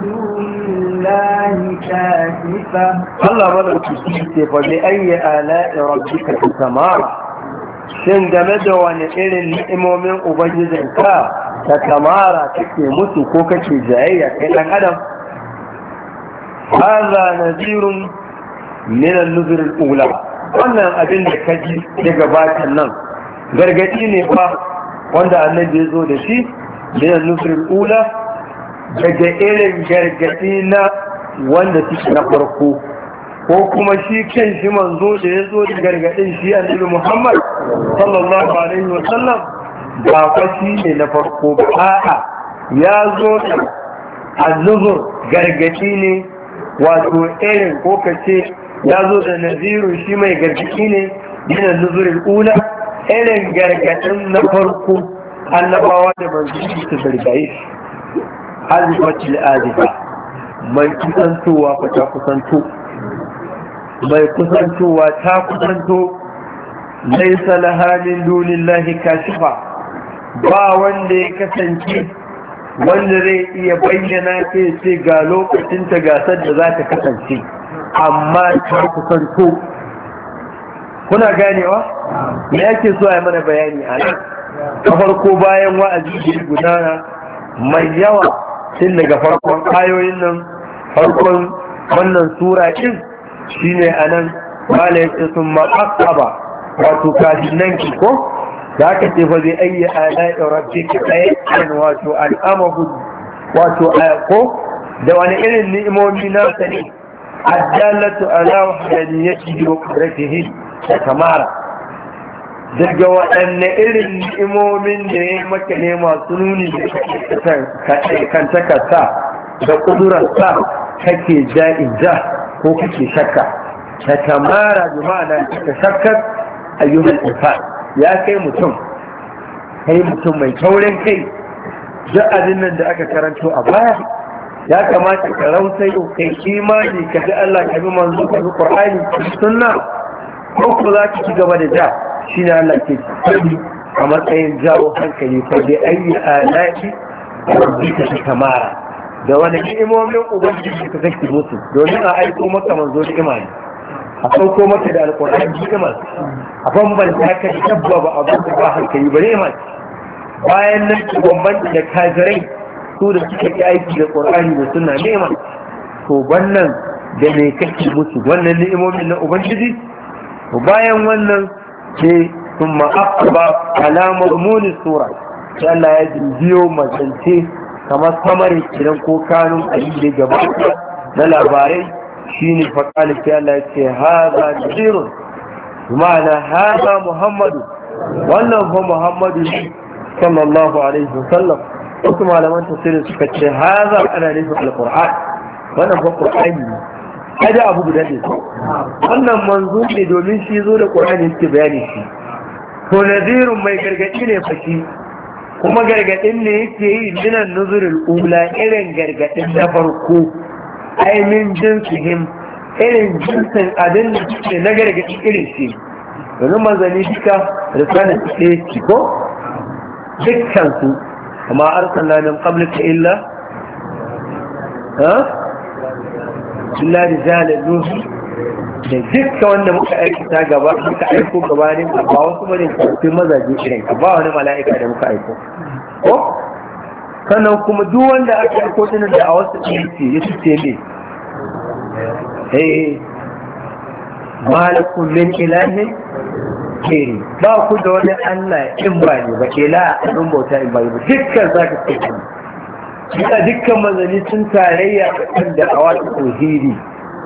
دون الله كاشفة الله بلغ تشكيك فبأي آلاء ربك تتمارى shin game da wani irin ni'imomin ubangijinka ta kamara kake mutu ko kake jayayya kai dan adam haza nazirun min an-nuzur al-ula wannan abin da kaji daga bakin nan gargadi ne fa wanda annabi ya zo da shi minan nufirin ula daga irin gargaɗi na wanda suke na farko ko kuma shi kan shi manzo da ya zo da gargaɗin shi annabi muhammad sallallahu alaihi wasallam ba fa ne na farko ba a'a ya zo da annuzur gargaɗi ne wato irin ya zo da naziru shi mai gargaɗi ne ula irin gargaɗin na farko annabawa da manzanni su zargaye shi azifatil mai kusantowa ba ta kusanto mai kusantowa ta kusanto laisa lahamin lahi kashifa ba wanda ya kasance wanda zai iya bayyana ta ce ga lokacinta gasar da za ta kasance amma ta kusanto kuna ganewa me ke so a yi mana bayani a nan ta farko bayan wa'azi da gudana mai yawa tun daga farkon ayoyin nan farkon wannan sura shi shine a nan bala sun maɓaɓa ba,'' wato kafin nan ki ko za ka ce ba zai a ala'i rafi ka tsaye wato al'amahu wato ko da wani irin ni'imomi na sani addalatu ala wahdaniyyati wa qudratihi da kamara daga waɗanne irin ni'imomin da ya maka ne masu nuni da kantaka sa da ƙudurar sa kake ja'iza ko kake shakka ta tamara bi ta shakkar ayyukan insan ya kai mutum kai mutum mai taurin kai duk abin nan da aka karanto a baya ya kamata ka rausai kai imani ka ji Allah ka bi manzo ka bi Qur'ani sunna ko ku za ki ci gaba da ja shi ne Allah ke faɗi a matsayin jawo hankali ko dai ayi alaƙi rabbika ta kamara da wani ni'imomin ubangiji ka kake musu domin a aiko maka manzo da imani a sauko maka da alƙur'ani ni'imar a bambanta ka da dabba ba abin da ba hankali ba ni'imar bayan nan ki bambanta da kajirai su da suka yi aiki da ƙur'ani da suna ni'imar to wannan da me kake musu wannan ni'imomin na ubangiji bayan wannan zance sun ma'akaba alamar muni sura sai Allah ya biyo mazance kamar samarin kiran ko kanun ayi da gaba na labarai Shi shine faƙali sai Allah ya ce haza jirun ma'ana haza muhammadu wannan fa muhammadu sallallahu alaihi wasallam wasu malaman tafsirin suka ce haza ana nufin alƙur'an wannan fa ƙur'ani kaji abu guda ne wannan manzo ne domin shi zo da qur'ani yake bayani shi to nadirun mai gargadi ne fashi kuma gargadin ne yake yi minan nuzurul ula irin gargadin na farko ai min jinsihim irin jinsin abin da suke na gargadi irin shi domin manzanni duka da sanin ɗaya ci ko dukkan su amma arsalna kamar qablika illa ha abdullahi rijalin nuhu da dukkan wanda muka aikata gaba muka aiko gabanin ka ba wasu bane kafin mazaje irin ka ba wani mala'ika da muka aiko ko sannan kuma duk wanda aka aiko din da a wasu ɗinki ya tuce ne eh, eh malakun min ilahi kiri ba ku da wani allah in ba ne ba ila a bauta in ba ne ba dukkan za ka ce yana dukkan manzanni sun tarayya da kan da awa ta tauhidi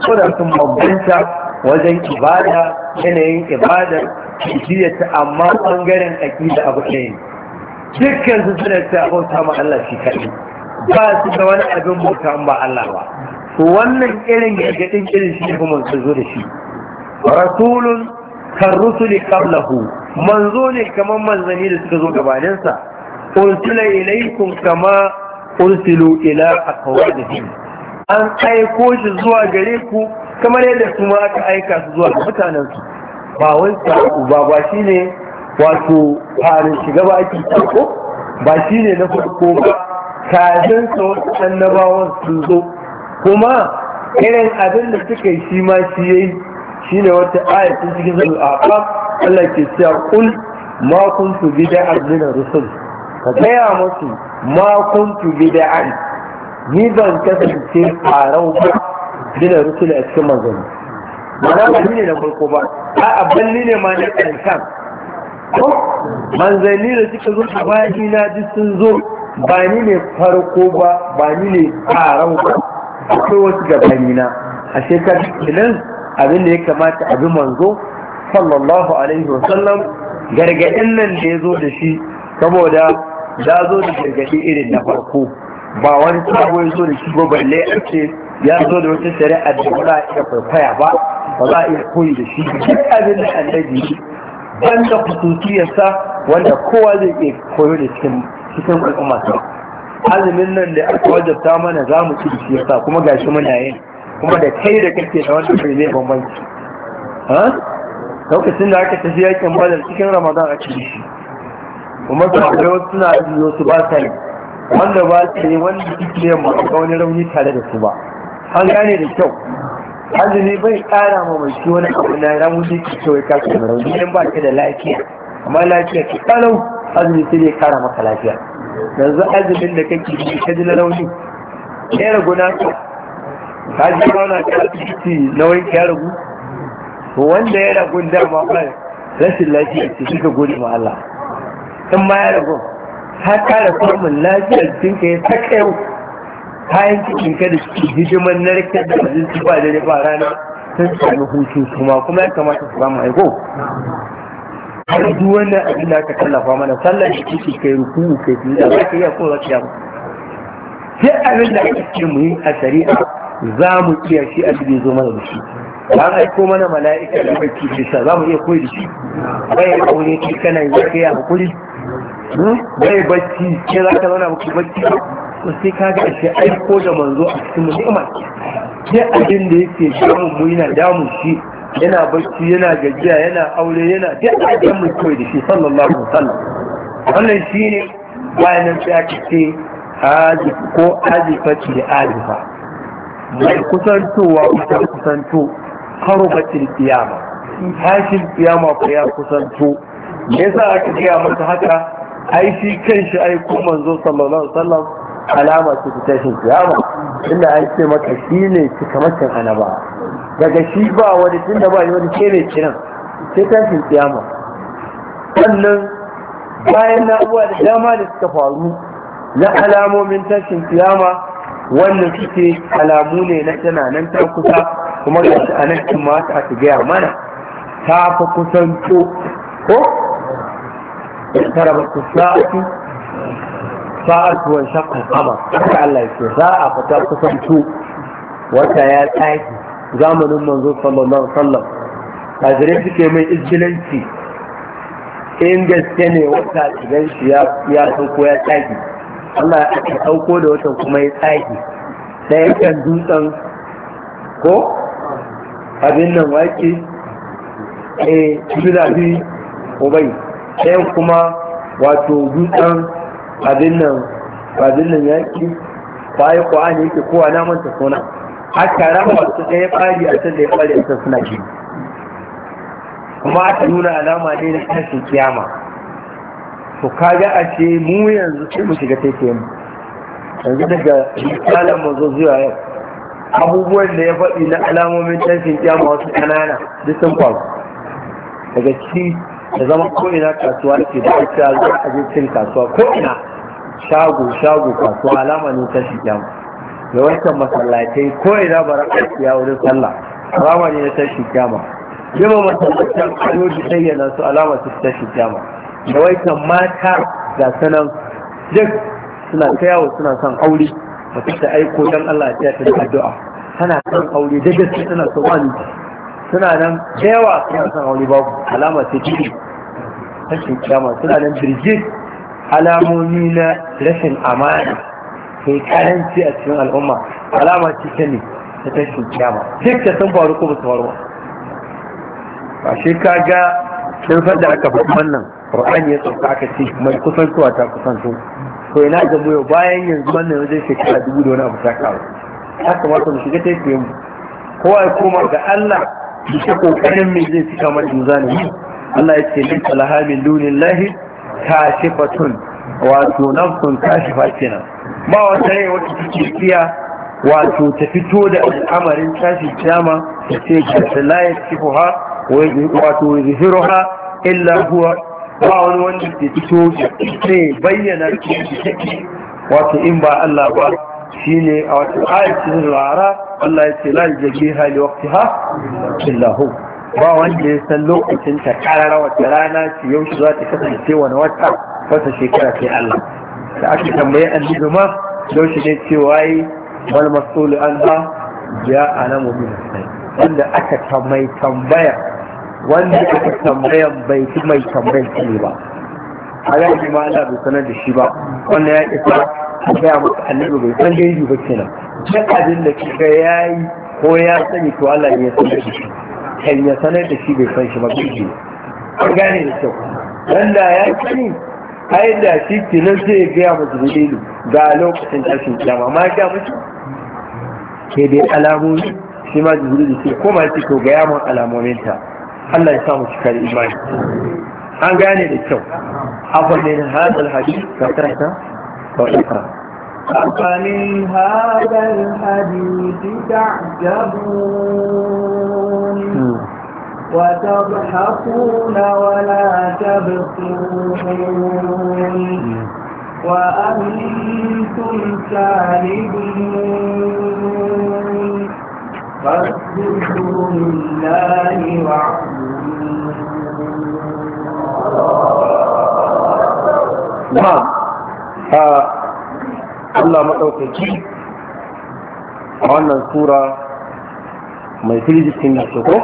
ko da sun bambanta wajen ibada yanayin ibada ta amma ɓangaren aƙida abu ɗaya ne dukkan su suna ta bauta ma Allah shi kaɗai ba su da wani abin bauta ba Allah ba to wannan irin gargaɗin irin shi kuma su zo da shi rasulun kan rusuli kablahu manzo ne kamar manzanni da suka zo gabaninsa ursula ilaikum kama ursilu ila aqwadihim an aiko shi zuwa gare ku kamar yadda su ma aka aika su zuwa ga mutanen su ba ba ba shine wato farin shiga ba ake ko ba shine na farko ba kafin sa wasu annabawan sun zo kuma irin abin da suka yi shi ma shi yayi shine wata ayatun cikin zuwa a Allah ke cewa kul ma kuntu bid'a min rusul ka gaya musu ma kuntu bid'an ni ban kasance farau ba dina rusula a cikin manzanni mana ba ni ne na farko ba a aballi ne ma na karshen manzanni da suka zo a baki na duk sun zo ba ni ne farko ba ba ni ne farau ba akwai wasu gabani na a shekar kilan abin da ya kamata a bi manzo sallallahu alaihi wasallam gargaɗin nan da ya zo da shi saboda ya zo da gargaɗi irin na farko ba wani sabo ya zo da shi ba balle a ce ya zo da wata shari'a da ba za a iya kwaikwaya ba ba za a iya koyi da shi duk abin da annabi ban da hususiyarsa wanda kowa zai iya koyo da cikin cikin al'umma azumin nan da aka wajabta mana za mu ci da shi yasa kuma ga shi muna yin kuma da kai da kake da wanda bai zai bambanci lokacin da aka tafi yakin badar cikin ramadan a cikin shi kuma da kuma wasu suna ajiye wasu ba sa yi wanda ba su yi wanda su ke yamma ga wani rauni tare da su ba an gane da kyau azumi bai kara ma mai shi wani abu na rauni ke kyau ya kasa da rauni Yan ba ka da lafiya amma lafiya ta kalau azumi sai ya kara maka lafiya yanzu azumin da kake yi ka ji na rauni ya ragu na ka ka ji rauna ka asibiti nauyin ka ya ragu wanda ya ragu dama ba rashin lafiya ce suka gode ma Allah in ma ya rabu har ka da samun lafiyar cinka ya saka yau kayan cikinka da hidiman rikin da abinci ba da ba rana sun sami hutu kuma kuma ya kamata su samu aiko har duk wannan abin da aka tallafa mana sallar da kike kai ruku kai fi da ba ka iya ko za yamu sai abin da aka ce muhim a shari'a za mu iya shi a da zo mana da shi a aiko mana mala'ika da mai kisa za mu iya koyi da shi bai aure kai kana yi kai a hakuri Hmm? bai bacci ke za ka zauna muku bacci to sai ka ga ashe ko da manzo a cikin mu ni'ima sai abin da yake damun mu yana damun shi yana bacci yana gajiya yana aure yana duk abin mu kawai da shi sallallahu alaihi wasallam wannan shine bayanan nan sai aka ce ko azifati da azifa mai kusantowa kusan kusanto karo bacin kiyama tashin kiyama ko ya kusanto me yasa aka gaya masa haka ai shi kanshi ai ko manzo sallallahu alaihi alama ce ta tashin kiyama inda an ce maka shi ne cikamakin anaba daga shi ba wani tunda ba wani ke ne kiran sai tashin kiyama sannan bayan na abuwa da dama da suka faru na alamomin tashin kiyama wannan suke alamu ne na tana nan ta kusa kuma ga shi a nan ma ta gaya mana ta fa kusanto ko اقتربت الساعة ساعة وانشق القمر حتى الله يسير ساعة فتأتصمت وتيات آيتي zamanin manzo sallallahu alaihi wasallam kajirai suke mai izgilanci in gaske ne wata idan shi ya sauko ya tsaki Allah ya sauko da watan kuma ya tsaki sai kan dutsen ko abin nan wake eh biyu da biyu ubai ɗayan kuma wato dutsen abin nan abin nan yaƙi bayan kwa ne yake kowa na manta suna aka raba su ɗaya fari a can da ya fari a can suna shi kuma aka nuna alama ne na tashin kiyama to kaga a ce mu yanzu sai mu shiga taitayen mu yanzu daga mu mazo zuwa yau abubuwan da ya faɗi na alamomin tashin kiyama wasu ƙanana duk sun faru daga ciki da zama ko'ina kasuwa ce, da ita za a cin kasuwa ko'ina shago shago kasuwa alama ne ta shiga da wancan masallatai ko'ina bara a siya wurin sallah alama ne na ta shiga yawa masallatan ayoyi bayyana su alama su ta shiga da wancan mata ga sanan duk suna ta yawo suna son aure mutum ta aiko don Allah ya ta da addu'a tana son aure da gaske tana son wani suna nan cewa yawa suna son aure babu alama ta kiri rashin kyama suna nan birjit alamomi na rashin amana kai karanci a cikin al'umma alama ce ta ne ta tashin kyama duk da sun faru ko su faru ba shi ka ga sun san da aka faɗi wannan ƙur'ani ya sauka aka ce mai kusantowa ta kusanto Kai na ga mu bayan yanzu wannan wajen shekara dubu da wani abu ta kawo haka ma mu shiga ta yi mu kowa ya koma ga Allah duka kokarin mai zai cika mata mizani Allah ya ce lin talaha min dunillahi kashifatun wato nafsun kashifa kenan ba wata rai wata take kiya wato ta fito da al'amarin tashi kiyama ta ce ka la ya ha wato yuzhiruha illa huwa ba wani wanda ke fito da sai bayyana ki take wato in ba Allah ba shine a wata ayat cikin rara Allah ya ce la yajiha li waqtiha illa hu ba wanda ya san lokacin ta karara wata rana ce yau za ta kasance wani wata wata shekara sai Allah da aka tambaye annabi ma yau shi ne ce wai wal mas'ul an ba ya alamu min sai wanda aka tambaye tambaya wanda aka tambaya bai mai tambayar ne ba a yaki ma Allah bai sanar da shi ba wannan ya isa a gaya maka annabi bai san gaibi ba kenan duk abin da kika yayi ko ya sani to Allah ne ya san da shi kan ya sanar da shi bai san shi ba gaibi an gane da kyau wanda da ya sani ai da shi kenan zai gaya masa dalilu ga lokacin tashin kiyama ma ya mutu ke dai alamomi shi ma jibril ce koma ce to mun alamomin ta, Allah ya sa samu cikar imani an gane da kyau afalin hadal hadith ka karanta فاقرأ أفمن هذا الحديث تعجبون وتضحكون ولا تبصرون وأنتم سالبون فاذكروا لله واعبدون نعم a Allah maɗaukaki a wannan sura mai firjikin da su ko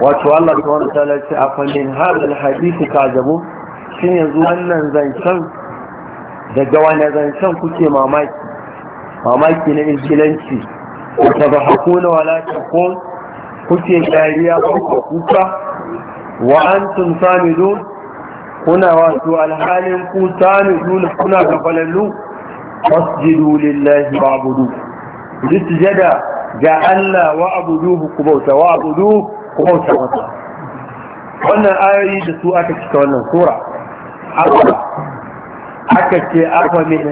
wato Allah ta wani talarci ce a fannin hadal hadisi ka jabu shin yanzu wannan zancen daga wani zancen kuke mamaki mamaki na injilanci wata ba hakuna wala ta ko kuke dariya ko kuka wa samidu kuna wato alhalin ku nuna kuna ga gafalallu fasjudu lillahi wa'budu sujada ga Allah wa'buduhu ku bauta wa'budu ku bauta masa wannan ayoyi da su aka cika wannan sura aka ce afa min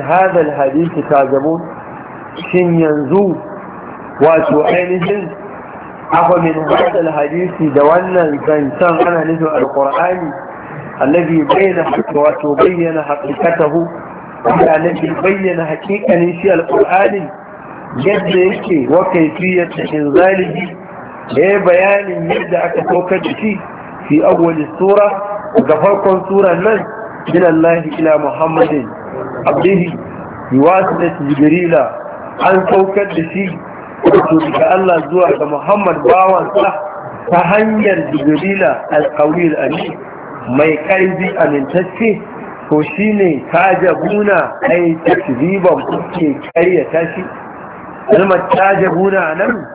hadisi ta tajabun shin yanzu wato ainihin afa min hadha alhadith da wannan zancen ana nufin alqur'ani annabi bayyana wato bayyana hakikatahu wanda annabi bayyana hakikanin shi alƙur'ani yadda yake wa kaifiyar ta cikin zalibi da ya bayanin yadda aka saukar da shi fi awwalis sura ga farkon suran nan min Allah ila Muhammadin abdihi yuwasilat jibrila an saukar da shi wato daga Allah zuwa ga Muhammad bawansa ta hanyar jibrila alqawil amin mai ƙarfi amintacce ko shi ne tajabuna ai takziban kuke karyata shi kalmar tajabuna nan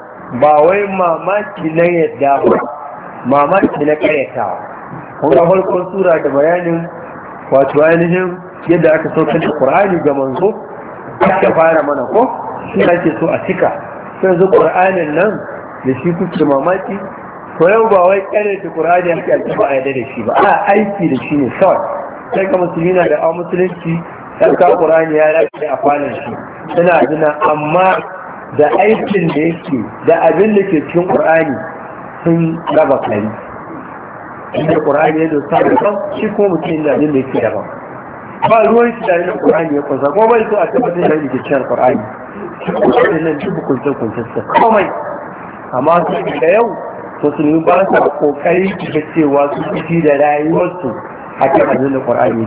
ba wai mamaki na yadda ba mamaki na karyatawa kun ga farkon sura da bayanin wato ainihin yadda aka saukar da ƙur'ani ga manzo aka fara mana ko shi ake so a cika sai zuwa ƙur'anin nan da shi kuke mamaki koyon ba wai karyata Qur'ani yake alƙaba a yadda da shi ba a aiki da shi ne kawai sai ka musulmi na da musulunci dan ka Qur'ani ya rafe a kwanan shi suna zina amma da aikin da yake da abin da ke cikin Qur'ani sun raba kari inda Qur'ani ya dosa da kan shi ko mutum da abin da yake daban ba ruwan shi da abin Qur'ani ya kunsa ko bai so a tabbatar da abin da ke cikin Qur'ani shi ko nan duk kunce kunce komai amma sai da yau musulmi ba sa kokari da cewa su fiti da rayuwarsu a kan abin da qur'ani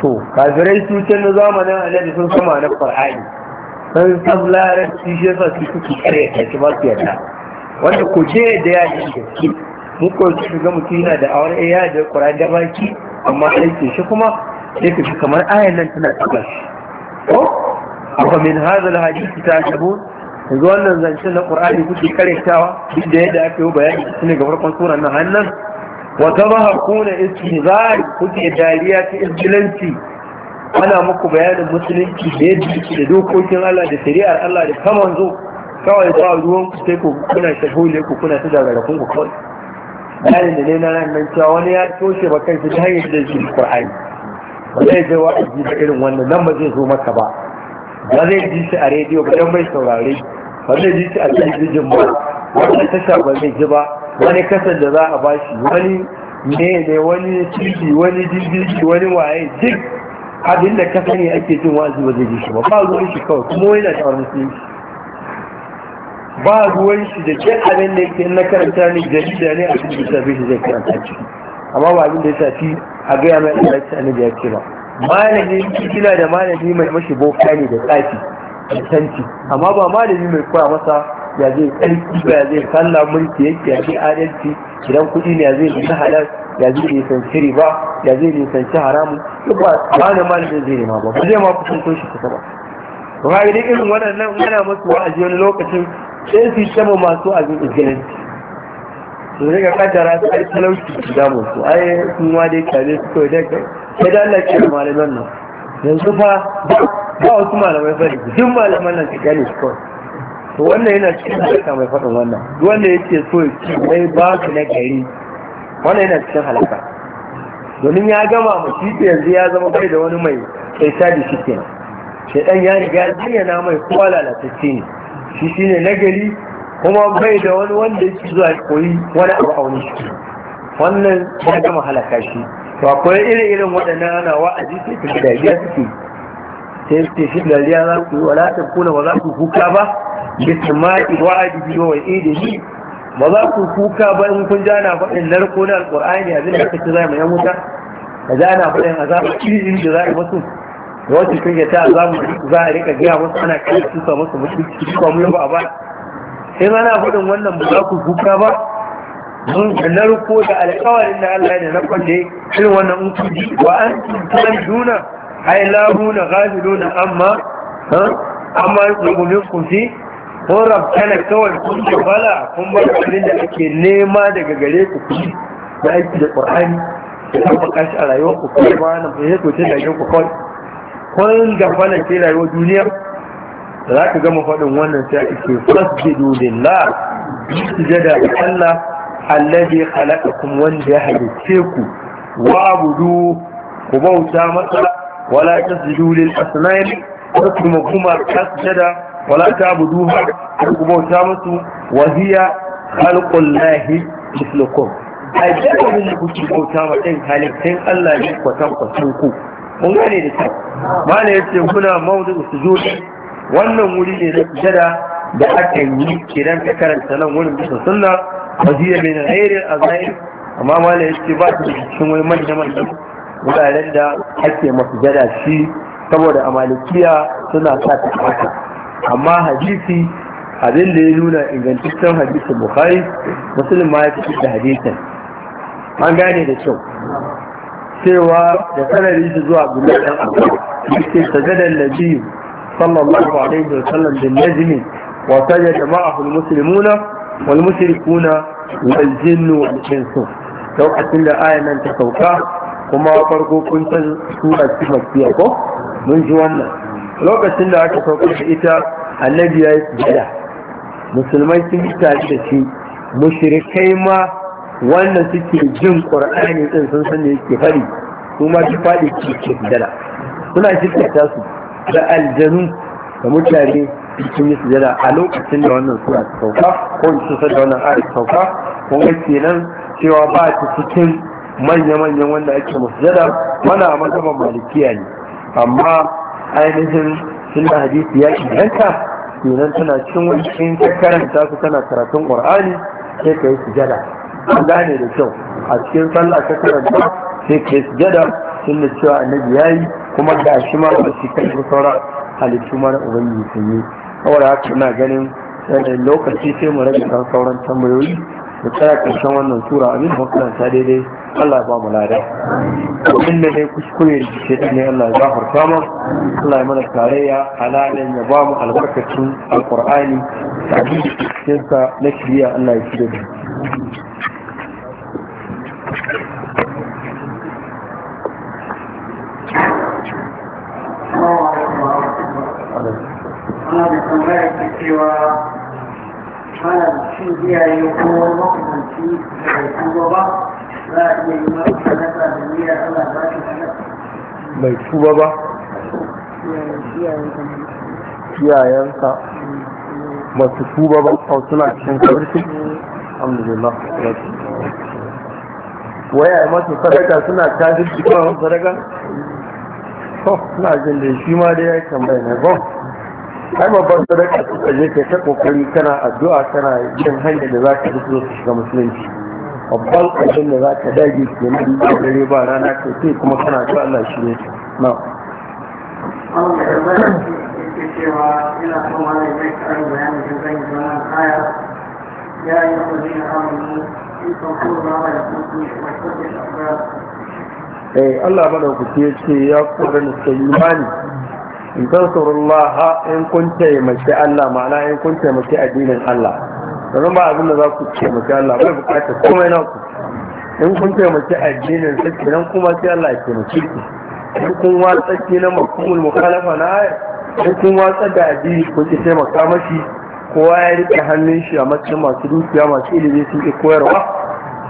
to kafirai su can na zamanin annabi sun sama na qur'ani sun san larabci shi yasa su suke kare ta ci ba su yarda wanda ko je da ya ji gaske mu ko su ga mutum yana da awar ya da qur'ani da baki amma aiki shi kuma sai ka kamar ayan nan tana tsaka ko afa min hadha ta ta'tabun yanzu wannan zancen na ƙur'ani kuke karantawa duk da yadda aka yi bayani su ne ga farkon suran nan hannun. wata ba kuna istizari kuke dariya ta izgilanci ana muku bayanin musulunci da yadda da dokokin Allah da shari'ar Allah da kaman zo kawai ba ruwan ku sai ku kuna shahole ku kuna ta dagarafin ku kawai bayanin da ne na nan cewa wani ya toshe ba su ta hanyar da shi ƙur'ani ba zai zai wa'azi da irin wannan nan ba zai zo maka ba ba zai ji shi a rediyo ba don bai saurari ba zai ji shi a talabijin ba wani tasha ba zai ji ba wani kasar da za a ba shi wani ne ne wani tv wani jirgi wani waye duk abin da kasa ne ake jin wazi ba zai ji shi ba ba ruwan shi kawai kuma wani da shawar shi ba ruwan shi da ke abin da yake na karanta ne jarida ne a cikin da shi zai karanta ciki amma ba abin da ya shafi a gaya mai alaƙi a ya ce ba malami kila da malami mai mashi boka ne da tsaki da canci, amma ba malami mai koya masa ya zai tsarki ba ya zai kalla mulki yake ya zai adalci idan kuɗi ne ya zai nisa halal ya zai shiri ba, ya zai shi haramun duk ba wani malami zai nema ba ba zai ma ko shi kusa ba ba idan irin waɗannan ana masu wa'azi wani lokacin sai su yi masu abin izgilanci to daga kaddara sai talauci su damu su ai kun ma dai kare su kawai daga sai da Allah ke malaman nan yanzu fa ba wasu malamai fari duk malaman nan su gane su kawai to wannan yana cikin halaka mai faɗin wannan duk wanda yake so ci mai ba su na gari wannan yana cikin halaka domin ya gama mu shi yanzu ya zama bai da wani mai kai sadi shi kenan shaidan ya riga ya bayyana mai kowa lalatacce ne shi shine nagari kuma bai da wani wanda yake zuwa koyi wani abu a wani shi wannan ya gama halaka shi to akwai irin irin waɗannan ana wa'azi sai da dariya suke sai su shi dariya za ku yi wala ta kuna ba za ku kuka ba ma wa'adi bi wa ni? ba za ku kuka ba in kun jana faɗin narko na alƙur'ani abin da kace zai mai wuta ka jana faɗin azaba irin da za a yi musu da wacce kun ta azabu za a rika gaya musu ana kai su sa musu mutunci kuma mu ba a ba ma ana faɗin wannan ba za ku kuka ba mun ko da alƙawarin da Allah ya na kwalle irin wannan in ku ji wa an tuntunan juna ai lahu na gafilu na amma amma rugumin ku ko rab kana kawai kun ke bala kun bar abin da ake nema daga gare ku ku da aiki da Al-Qur'ani da tabbaka shi a rayuwar ku kuma ba na fahimta ku ce da ku kawai kun gafana ke rayuwar duniya za ka gama faɗin wannan sai a ake fasjidu lillah sujada ga Allah alladhi khalaqakum wanda ya halice ku wa abudu ku bauta masa wala tasjudu lil asnam kuma kuma tasjada wala ta'buduha ku bauta musu wa hiya lahi mislukum a jami'in da kuke bauta ma ɗin halittun Allah ne kwatan kwatanku mun gane da ta. ma ne yace kuna mawdu sujudi wannan wuri ne na sujada da aka yi kiran ka karanta nan wurin bisa sunna wazira min ghairi azair amma mala yace ba su da cikin wani manyan manyan wuraren da ake jada shi saboda amalikiya suna sa ta haka amma hadisi abin da ya nuna ingantaccen hadisin bukhari musulun ma ya fi da hadisin an gane da kyau cewa da sanari shi zuwa abdullahi dan abu yake sajadar nabiyu صلى الله عليه وسلم بالنجم وسجد معه المسلمون والمشركون والجن والإنس لو أتل آية من تسوكا وما فرقوا كنت سورة مكية من جوانا لو أتل آية تسوكا إتا النبي يسجد musulmai sun yi tare da shi mushrikai ma wannan suke jin ƙur'ani din sun san da yake fari kuma su faɗi ke dala suna shirkata su da aljanu da mutane sun yi sujada a lokacin da wannan sura ta sauka ko in ce da wannan ayat sauka ko ga kenan cewa ba ta cikin manya-manyan wanda ake sujada mana a magaban malikiya ne amma ainihin da hadisi ya yanka. kenan tana cikin wani cikin ta su tana karatun qur'ani sai ka yi sujada an gane da kyau a cikin sallah ka karanta sai ka yi sujada da cewa annabi ya yi. kuma ga shi ma a su kai ba sauran halittu ma na ubangiji sun yi haka ina ganin lokaci sai mu rage kan sauran tambayoyi da tsaya karshen wannan tura, abin makaranta daidai Allah ya ba mu lada abin da dai kuskure da ke da ne Allah ya gafarta mu Allah ya mana tarayya halalin ya ba mu albarkacin Alkur'ani, da abin da cikin na Allah ya shirya Mai da tuba ba za ba tuba ba su ba suna cikin kabirci alhamdulillah waya masu sadaka suna kafin cikin sadaka Oh, na jin da shi ma da ya tambaya ne ba oh. ai babban sadaka su ka kai ta kokari kana addu'a kana yin hanyar da za ka fito su ga musulunci babban abin da za ka dage ke nan da dare ba rana ka sai kuma kana ta Allah shi ne na cewa ina so ma ne mai bayanin da yi ya yi ba ya kuma Eh, Allah madaukaki ya ce ya kura da suka imani in laha in kun taimaki Allah ma'ana in kun taimaki addinin Allah don ba abin da za ku taimaki Allah bai bukatar komai yana ku in kun taimaki addinin sa kenan kuma sai Allah ya taimaki ku in kun watsa na makumul mukhalafa na ayar in kun watsa da addini kun ki taimaka mashi kowa ya rike hannun shi a matsayin masu dukiya masu ilimi sun ki koyarwa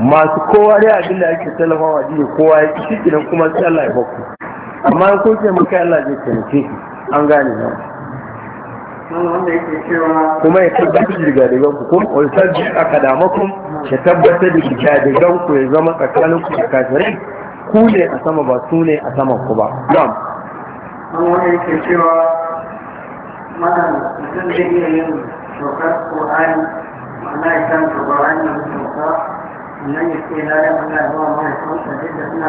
masu kowa dai abin da ake sallama wa jini kowa ya ci shi kuma sai Allah ya bakku amma ko ce maka Allah zai taimake ki an gane na kuma ya tabbatar da daga ku kuma wani sabbi aka dama ku, ya tabbatar da daga ku ya zama tsakanin ku da kafirai ku ne a sama ba su ne a saman ku ba na'am an yake cewa mana mutum zai iya yin shokar ƙur'ani ma'ana ya kan shokar hanyar shokar من لا لا ما يكون شديد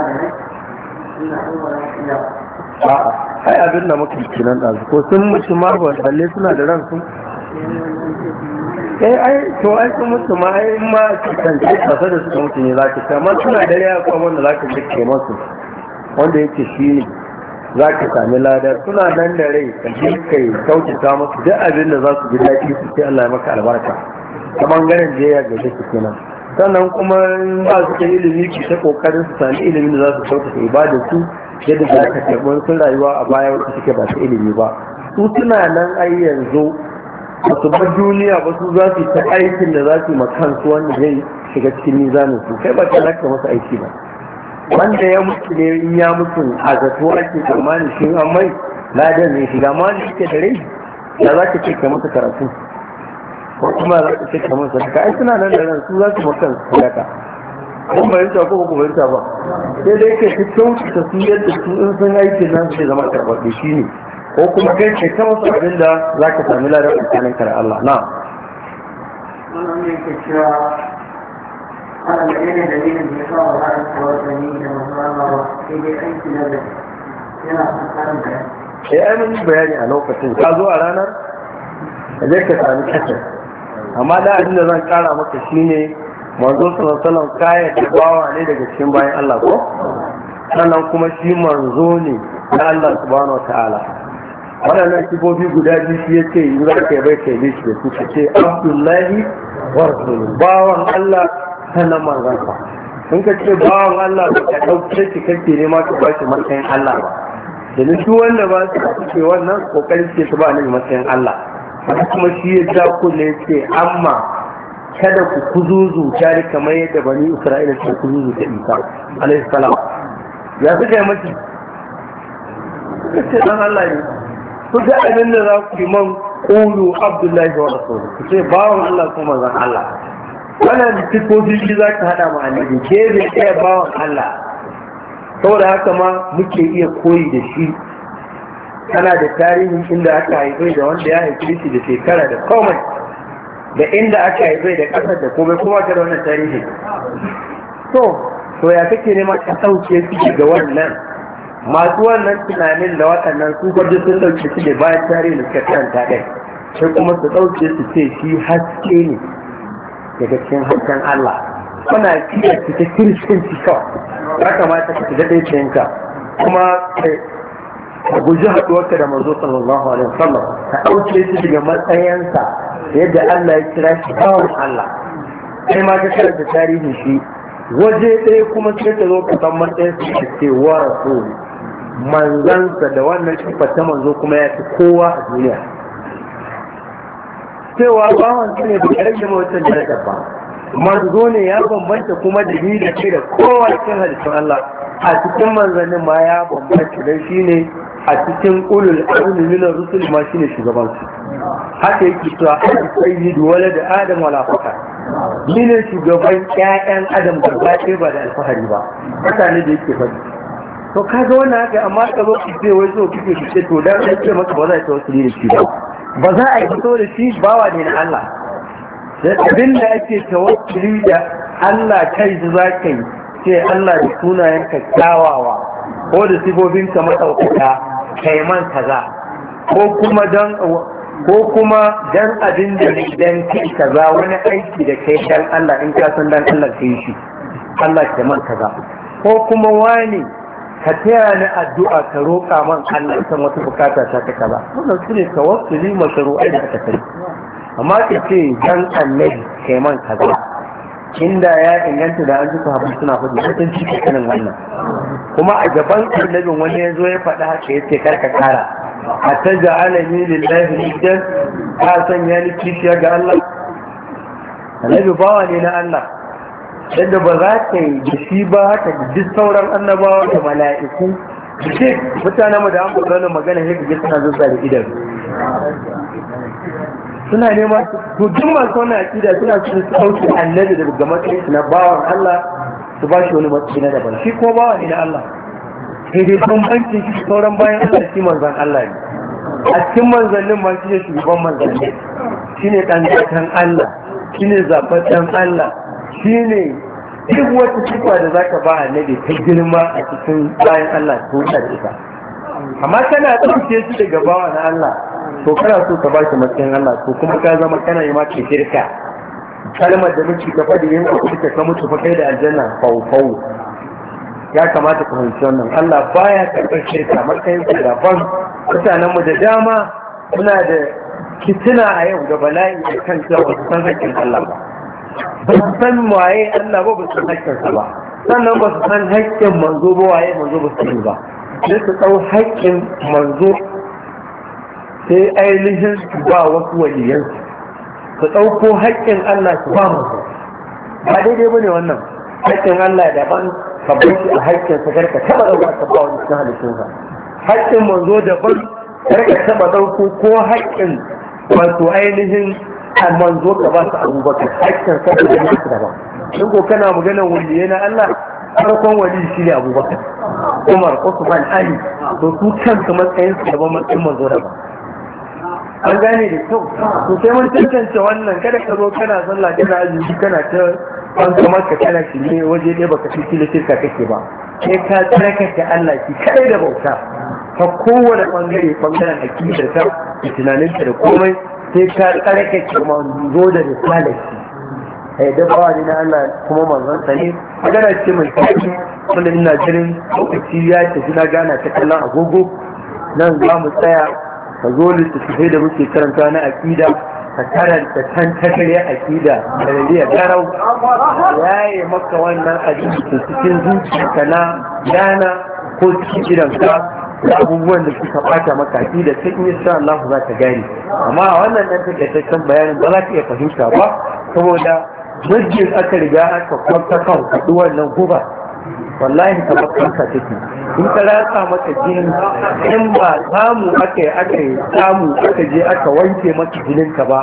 هو ai abin da muka yi nan ɗazu ko sun mutu ma ba balle suna da ran sun eh ai to ai sun mutu ma ai ma ki kance kasa da suka mutu ne za ki ta amma suna da ya kuma wanda za ka dake masu wanda yake shi ne za ka sami lada suna nan da rai ka je kai ta musu duk abin da za su ji daɗi su ce Allah ya maka albarka ta ganin je ya gaje su kenan sannan kuma ba su ke ilimi ki ta kokarin su sami ilimin da za su kyautata ibada su yadda za ka wani sun rayuwa a baya wanda suke ba su ilimi ba su suna nan ai yanzu ba su bar duniya ba su za su ta aikin da za su ma su wanda zai shiga cikin nizamin su kai ba ta naka masa aiki ba wanda ya mutu ne in ya mutu a zato ake tsammanin shi an mai ladan ne shiga ma ne da rai da za ka ce ka masa karatu ko kuma za ka cika mun sadaka ai suna nan da nan su za su makan sadaka kun bayanta ko kuma ku ta ba sai dai ke fi kyautata su yadda su in sun aikin nan su zama karɓaɓɓe shi ne ko kuma kai ke ta wasu abin da za ka sami ladar tsakanin ka da Allah na. Wannan ne ke cewa ana da irin dalilin da ya sa wa ranar kawar da ni da masu sai dai aiki na da yana tsakanin da ya. Eh ai mun yi bayani a lokacin ka zo a ranar ka je ka sami kasar amma da abin da zan kara maka shine manzo sallallahu kaya da bawa ne daga cikin bayan Allah ko sannan kuma shi manzo ne na Allah subhanahu wataala waɗannan sifofi guda biyu shi yace in za ka bai kai shi da ce Abdullahi wa rasuluhu bawan Allah sannan manzon sa in ka ce bawan Allah ka dauke shi kake ne ma ka bashi matsayin Allah ba domin duk wanda ba su ce wannan kokarin ce su ba ne matsayin Allah wani kuma shi ya ja kulle ya ce amma kada ku kuzuzu ne kamar yadda bani isra'ila suka kuzuzu ta isa alaihi salam ya suka yi mace suka ce dan allah ne ku ga abin da za ku yi man ƙulu abdullahi wa rasulu ku ce bawan allah ko manzon allah wannan sifofin shi za ka hada ma annabi ke bai ɗaya bawan allah saboda haka ma muke iya koyi da shi tana da tarihin inda aka haifai da wanda ya haifi shi da shekara da komai da inda aka haifai da ƙasar da komai kuma ta da wannan tarihi to to ya kake neman ka ɗauke su ga wannan masu wannan tunanin da waɗannan su gwaje sun ɗauke su da bayan tarihin da suka karanta ɗai sai kuma su ɗauke su ce shi haske ne daga cikin hasken Allah kuna kiyar cikin kiristanci kawai ya kamata ka shiga ɗaya kuma eh, ka guji haɗuwarka da mazo sallallahu alaihi wasallam ka ɗauke shi daga matsayinsa yadda Allah ya kira shi kawon Allah sai ma ka karanta tarihin shi waje ɗaya kuma sai ka zo ka san matsayinsa ka ce wa rasulu manzansa da wannan siffar ta manzo kuma ya fi kowa a duniya cewa bawan su ne bai rage wata darajar ba manzo ne ya bambanta kuma da ni da ke da kowa cikin halittun Allah a cikin manzannin ma ya bambanta dan ne a cikin ulul azmi nuna rusul ma ne shugaban su haka yake cewa ai sayyid da adam wala fakar ni ne shugaban ƴaƴan adam da ba ba da alfahari ba mutane da yake faɗi to kaga wannan haka amma ka zo ki ce wai zo kike ki ce to dan ai ce maka ba za ta wasu da shi ba ba za a yi fito da shi bawa ne na Allah da abin da ake tawakkali da Allah kai za zaka yi ce Allah da sunayen ka kyawawa ko da sifofin ka matsaukaka kaiman kaza ko kuma ko kuma dan abin da dan kai kaza wani aiki da kai dan Allah in ka san dan Allah kai shi Allah ke man kaza ko kuma wani ka taya ni addu'a ka roƙa man Allah kan wata bukata ta ta kaza wannan su ne tawassuli mashru'ai da aka kai amma ka ce dan annabi kai man kaza inda ya inganta da an ji sahabbai suna faɗi mutum cikin kanin wannan kuma a gaban annabin wani ya zo ya faɗa haka ya ce karka kara a ta ja'ala ni lillahi idan, ka sanya ni kishiya ga Allah annabi bawa ne na Allah yadda ba za ka yi da shi ba haka da duk sauran annabawa da mala'iku duk mutane mu da an gudanar magana ya ga suna da idanu suna neman to duk masu wannan aƙida suna su sauke annabi daga matsayi na bawan Allah su ba shi wani matsayi na daban shi ko bawa ne na Allah sai dai bambancin shi sauran bayan Allah shi manzan Allah ne a cikin manzannin ma shi ne shugaban manzanni shi ne ɗan Allah shi ne zaɓaɓɓen Allah shi ne duk wata cikwa da zaka ba annabi ta girma a cikin bayan Allah ta to ta ita amma kana ɗauke shi daga bawa na Allah to kana so ka bashi matsayin Allah to kuma ka zama kana yi ma ke shirka kalmar da miki ka faɗi yin ka ka mutu fa kai da aljanna fau fau ya kamata ku hanci wannan Allah baya karɓar shirka matsayin ku ban mutanen mu da dama suna da kitina a yau da bala'i da kan cewa su san hakkin Allah ba ba su san waye Allah ba ba su san sa ba sannan ba su san hakkin manzo ba waye manzo ba su ba sai su ɗau hakkin manzo sai ainihin su ba wasu waliyansu su ɗauko haƙƙin Allah su ba musu ba daidai ba ne wannan haƙƙin Allah daban ka bar shi a haƙƙin sa karka taba ɗauka ka ba wani cikin halittunsa haƙƙin manzo daban karka taɓa ɗauko ko haƙƙin wato ainihin a manzo ka ba su abubakar haƙƙin sa ka ba su daban in ko kana maganar waliyai na Allah farkon wali shi ne abubakar umar usman ali to su kansu matsayin su daban matsayin manzo daban an gane da kyau to sai mun tantance wannan kada ka zo kana sallah kana azumi kana ta an kamar ka kana shi ne waje ne baka fi kila shirka kake ba sai ka tsaraka da Allah ki kai da bauta ta kowane bangare bangaren akidar ta da tunaninta da komai sai ka tsaraka ki zo da risalar ki eh, da dabawa ni na Allah kuma manzon sa ne magana ce mai kyau wanda ina jirin lokaci ya ta na gana ta kallon agogo nan za mu tsaya ka zo littattafai da muke karanta na aƙida ka karanta can takarya aƙida da rariya garau yaye maka wannan addini cikin zuciyarka na yana ko cikin gidanka da abubuwan da suka bata maka aƙida sai in insha Allah za ka gane amma wannan dan takaitaccen bayanin ba za ka iya fahimta ba saboda muddin aka riga aka kwanta kan faɗi wannan guba wallahi kamar kanka take in ka rasa maka jinin in ba samu aka aka samu aka je aka wanke maka jinin ka ba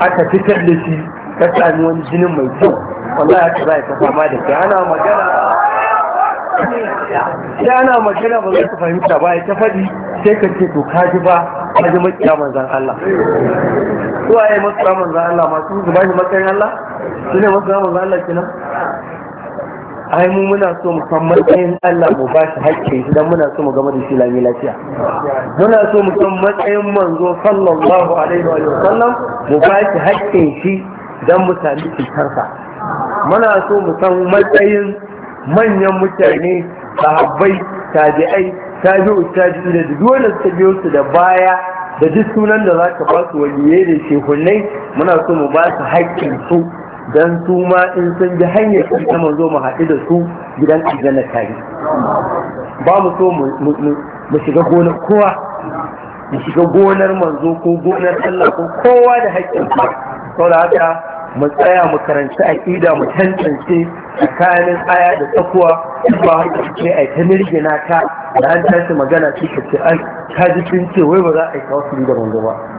aka fitar da shi ka sami wani jinin mai kyau wallahi aka za ka fama da shi ana magana sai ana magana ba za ka fahimta ba ya ta faɗi sai ka ce to kaji ba kaji makiya manzan Allah su masu ramar manzan Allah masu zuba shi matsayin Allah su ne ramar manzan Allah kenan ai mu muna so mu san matsayin Allah mu ba shi hakkin shi muna so mu gama da shi lami lafiya muna so mu san matsayin manzo sallallahu alaihi wa sallam mu ba shi hakkin shi dan mu sami cutarsa muna so mu san matsayin manyan mutane sahabbai tabi'ai tabi'u tabi'u da duk wanda suka biyo su da baya da duk sunan da zaka ba su waliyai da shehunnai muna so mu ba su hakkin su dan su ma in sun ji hanyar su ta manzo mu haɗu da su gidan aljanna tare ba mu so mu shiga gonar kowa mu shiga gonar manzo ko gonar Allah ko kowa da haƙƙin sa saboda haka mu tsaya mu karanci aƙida mu tantance tsakanin aya da tsakuwa ba haka ce ai ta mirgina ta da an tashi magana cikin ka ai ka ji ce wai ba za a yi tawassuli da manzo ba